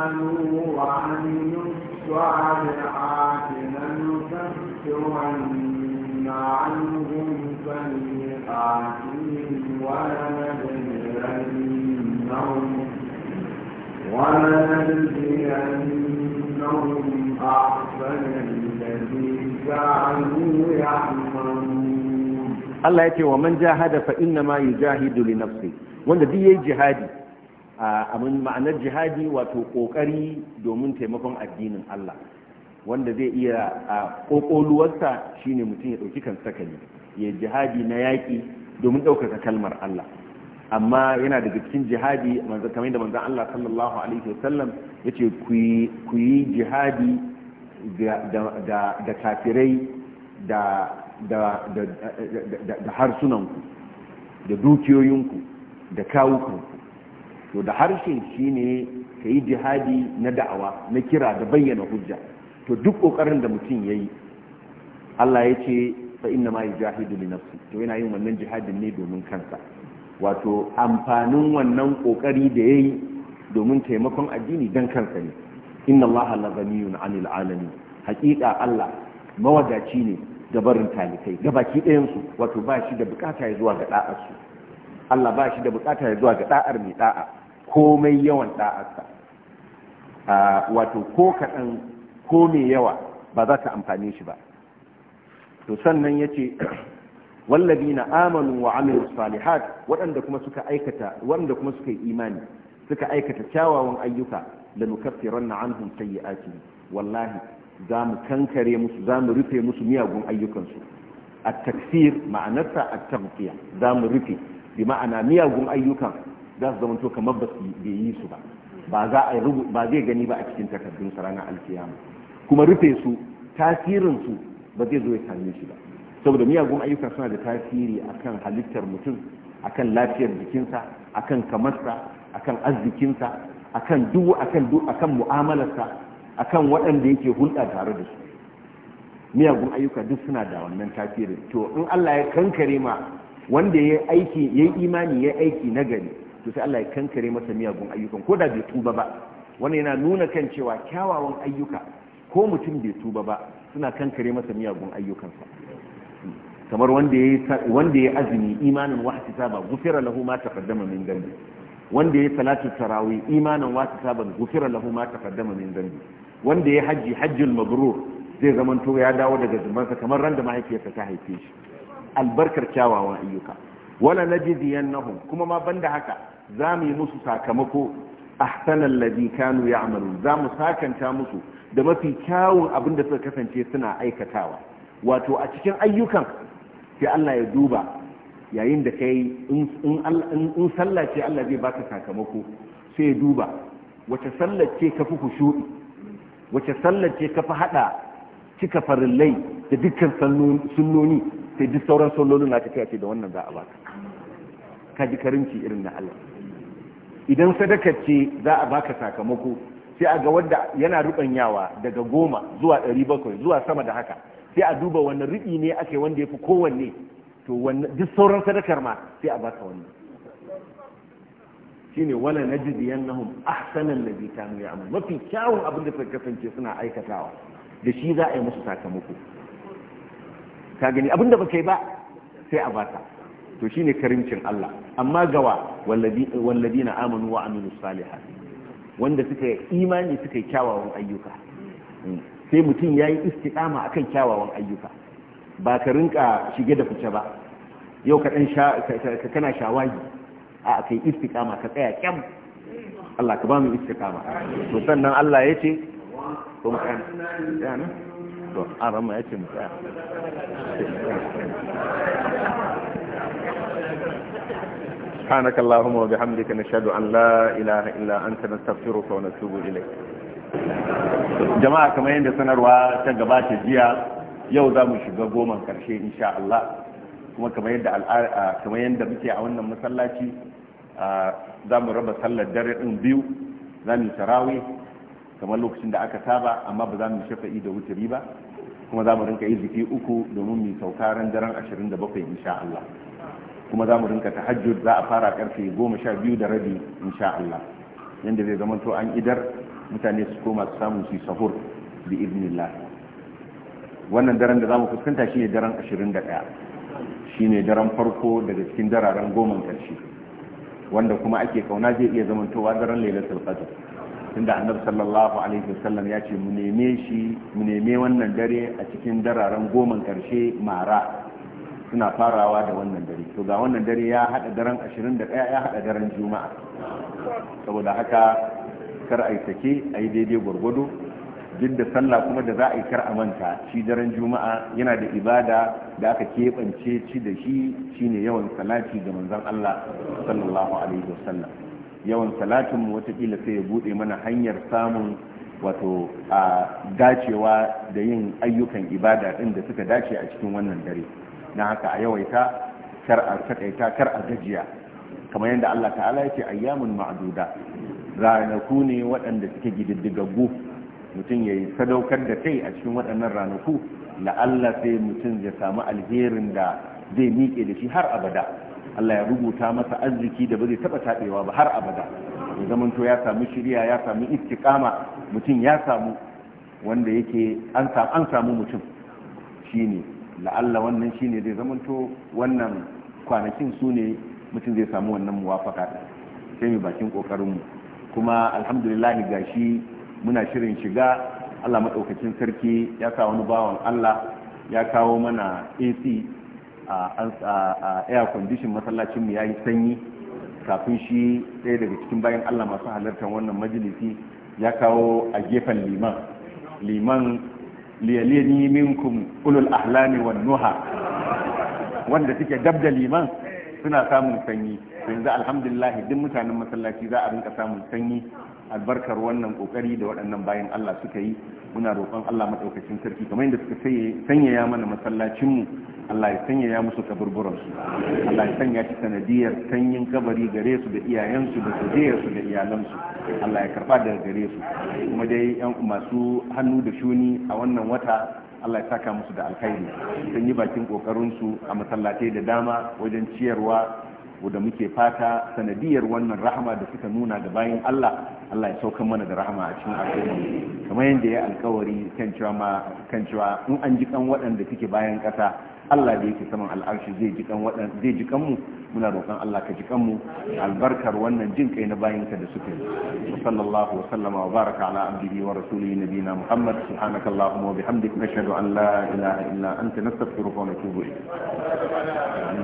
[SPEAKER 2] آمنوا وعملوا الصالحات لنكفرن عنهم سيئاتهم ولنجزينهم ولنجزينهم أحسن
[SPEAKER 1] الذي
[SPEAKER 2] كانوا يعملون
[SPEAKER 1] الله يتي ومن جاهد فإنما يجاهد لنفسه وأن دي جهادي abin ma'anar jihadi wato ƙoƙari domin taimakon addinin Allah wanda zai iya a kokoluwarsa shine mutum ya dauki kan sakali ya jihadi na yaƙi domin ɗaukaka kalmar Allah amma yana daga cikin jihadi kamar da manzan Allah sallallahu alaihi wasallam yace ku yi jihadi da kafirai da da harsunanku da dukiyoyinku da kawuku to da harshe shine ka yi jihadi na da'awa na kira da bayyana hujja to duk kokarin da mutum ya yi Allah ya ce fa inna ma yujahidu li nafsi to yana yin wannan jihadin ne domin kansa wato amfanin wannan kokari da yayi domin taimakon addini dan kansa ne inna Allah la ghaniyun 'anil 'alamin haqiqa Allah mawadaci ne da barin talikai ga baki ɗayan wato ba shi da bukata ya zuwa ga da'ar su Allah ba shi da bukata ya zuwa ga da'ar mai da'a komai yawan da'arsa wato ko kaɗan ko mai yawa ba za ta amfani shi ba to sannan ya ce [CLEARS THROAT] wallabi na amanu wa amiru salihat waɗanda kuma suka aikata waɗanda kuma suka yi imani suka aikata kyawawan ayyuka da mukaffiran na anhum sayyi'ati wallahi za mu kankare musu za mu rufe musu miyagun ayyukansu at takfir ma'anarsa at tabqiya za mu rufe bi ma'ana miyagun ayyukan za su zamanto kamar ba bai yi su ba ba za a ba zai gani ba a cikin takardun sa ranar alkiyama kuma rufe su tasirin su ba zai zo ya same shi ba saboda miyagun ayyuka suna da tasiri akan halittar mutum akan lafiyar jikinsa akan kamarsa akan arzikinsa akan duk akan duk akan mu'amalarsa akan waɗanda yake hulɗa tare da su miyagun ayyuka duk suna da wannan tasirin to in Allah ya kankare ma wanda ya yi aiki ya imani ya aiki na gari to sai Allah ya kankare masa miyagun ayyukan ko da bai tuba ba wannan yana nuna kan cewa kyawawan ayyuka ko mutum bai tuba ba suna kankare masa miyagun ayyukansa kamar wanda ya wanda ya azumi imanin wahti saba gufira lahu ma taqaddama min dambi wanda ya salatu tarawih imanin wahti saba gufira lahu ma taqaddama min dambi wanda ya haji hajjul mabrur zai zamanto ya dawo daga zumansa kamar randa mahaifiyarsa ta haife shi albarkar kyawawan ayyuka wala najziyannahum kuma ma banda haka za mu yi musu sakamako ahsanal ladhi kanu ya'malun za mu sakanta musu da mafi kyawun abin da suka kasance suna aikatawa wato a cikin ayyukan sai Allah ya duba yayin da kai in sallah ce Allah zai baka sakamako sai ya duba wace sallar ce kafi kushu wace sallar ce fi hada cika farillai da dukkan sunnoni sai duk sauran sallolin na tafiya ce da wannan za a baka ka ji karinci irin na Allah idan sadaka ce za a baka sakamako sai a ga wanda yana yawa daga goma zuwa ɗari bakwai zuwa sama da haka sai a duba wani riɓi ne ake wanda ya fi kowanne to duk sauran sadakar ma sai a baka wannan shine wala najziyannahum ahsanan ladhi kanu ya'malun mafi kyawun abin da suka kasance suna aikatawa da shi za a yi musu sakamako ka gani abin da baka yi ba sai a baka to shine karimcin Allah amma gawa walladina amanu wa amilu salihat wanda suka yi imani suka yi kyawawan ayyuka mm. sai mutum ya yi istiqama akan kyawawan ayyuka ba ka rinka shige da fice ba yau ka dan ka kana shawagi a kai istiqama ka tsaya kyam Allah ka ba mu istiqama to sannan Allah ya ce to mu kana to a to mu ya ce mu tsaya سبحانك اللهم وبحمدك نشهد أن لا إله إلا أنت نستغفرك ونتوب إليك jama'a kamar yadda sanarwa ta gabata jiya yau za mu كرشي goma karshe الله كما كما kamar yadda a wannan masallaci za raba sallar dare din biyu za tarawi kamar lokacin da aka saba amma ba za mu shafa'i wuturi ba kuma zamu rinka yi ziki uku domin mu sauka daren 27 insha Allah kuma za mu rinka tahajjud za a fara karfe goma sha biyu da rabi insha Allah yadda zai zama to an idar mutane su koma su samu su sahur bi ibnillah wannan daren da za mu fuskanta shine daren 21 shine daren farko daga cikin dararen goma karshe wanda kuma ake kauna zai iya zamantowa daren lailatul qadr tunda annabi sallallahu alaihi wasallam ya ce mu neme shi mu neme wannan dare a cikin dararen goma karshe mara suna farawa da wannan dare to ga wannan dare ya hada daren 21 ya hada daren juma'a saboda haka kar a yi take a yi daidai gwargwado duk da sallah kuma da za a yi kar a manta shi daren juma'a yana da ibada da aka keɓance ci da shi shine yawan salati ga manzon Allah sallallahu alaihi wasallam yawan salatin mu sai ya bude mana hanyar samun wato a dacewa da yin ayyukan ibada ɗin da suka dace a cikin wannan dare na haka a yawaita kar a takaita kar a gajiya kamar yadda Allah ta'ala Ya yake ayyamun ma'duda ranaku ne waɗanda suke gididdigaggu mutum ya yi sadaukar da kai a cikin waɗannan ranaku la'alla sai mutum ya samu alherin da zai miƙe da shi har abada Allah ya rubuta masa arziki da ba zai taɓa taɓewa ba har abada ya to ya samu shirya ya samu istiƙama mutum ya samu wanda yake an samu mutum shine la'alla wannan shi ne zai zamanto wannan kwanakin su ne mutum zai samu wannan muwafaka sai mai bakin kokarinmu kuma ga gashi muna shirin shiga Allah maɗaukacin sarki ya sa wani bawan Allah ya kawo mana AC a air condition masallacinmu ya yi sanyi kafin shi ɗaya daga cikin bayan Allah masu halartar wannan majalisi ya kawo a gefen liman liman liyalini minkum ulul ahlami wan nuha wanda suke dab da liman suna samun sanyi yanzu alhamdulillah duk mutanen masallaci za a rinka samun sanyi albarkar wannan kokari da waɗannan bayan Allah suka yi muna roƙon Allah maɗaukacin sarki kamar yadda suka sanyaya mana masallacinmu Allah ya sanyaya musu kaburburan su Allah ya sanya shi sanadiyar sanyin kabari gare su da iyayensu da sojiyarsu da iyalansu Allah ya karba daga gare su kuma dai yan masu hannu da shuni a wannan wata Allah ya saka musu da alkhairi sun yi bakin kokarinsu a masallatai da dama wajen ciyarwa da muke fata sanadiyar wannan rahama da suka nuna ga bayan Allah Allah ya sauka mana da rahama a cikin al'umma kamar yadda ya alkawari kan cewa ma kan cewa in an ji kan waɗanda suke bayan ƙasa Allah da yake saman al'arshi zai ji kan waɗanda zai ji kan mu muna roƙon Allah ka ji kanmu albarkar wannan jin kai na bayinka da suke wa sallallahu wa sallama wa baraka ala abdihi wa rasulihi nabiyina muhammad subhanaka allahumma wa bihamdik nashhadu an la ilaha illa anta nastaghfiruka wa natubu
[SPEAKER 3] ilayk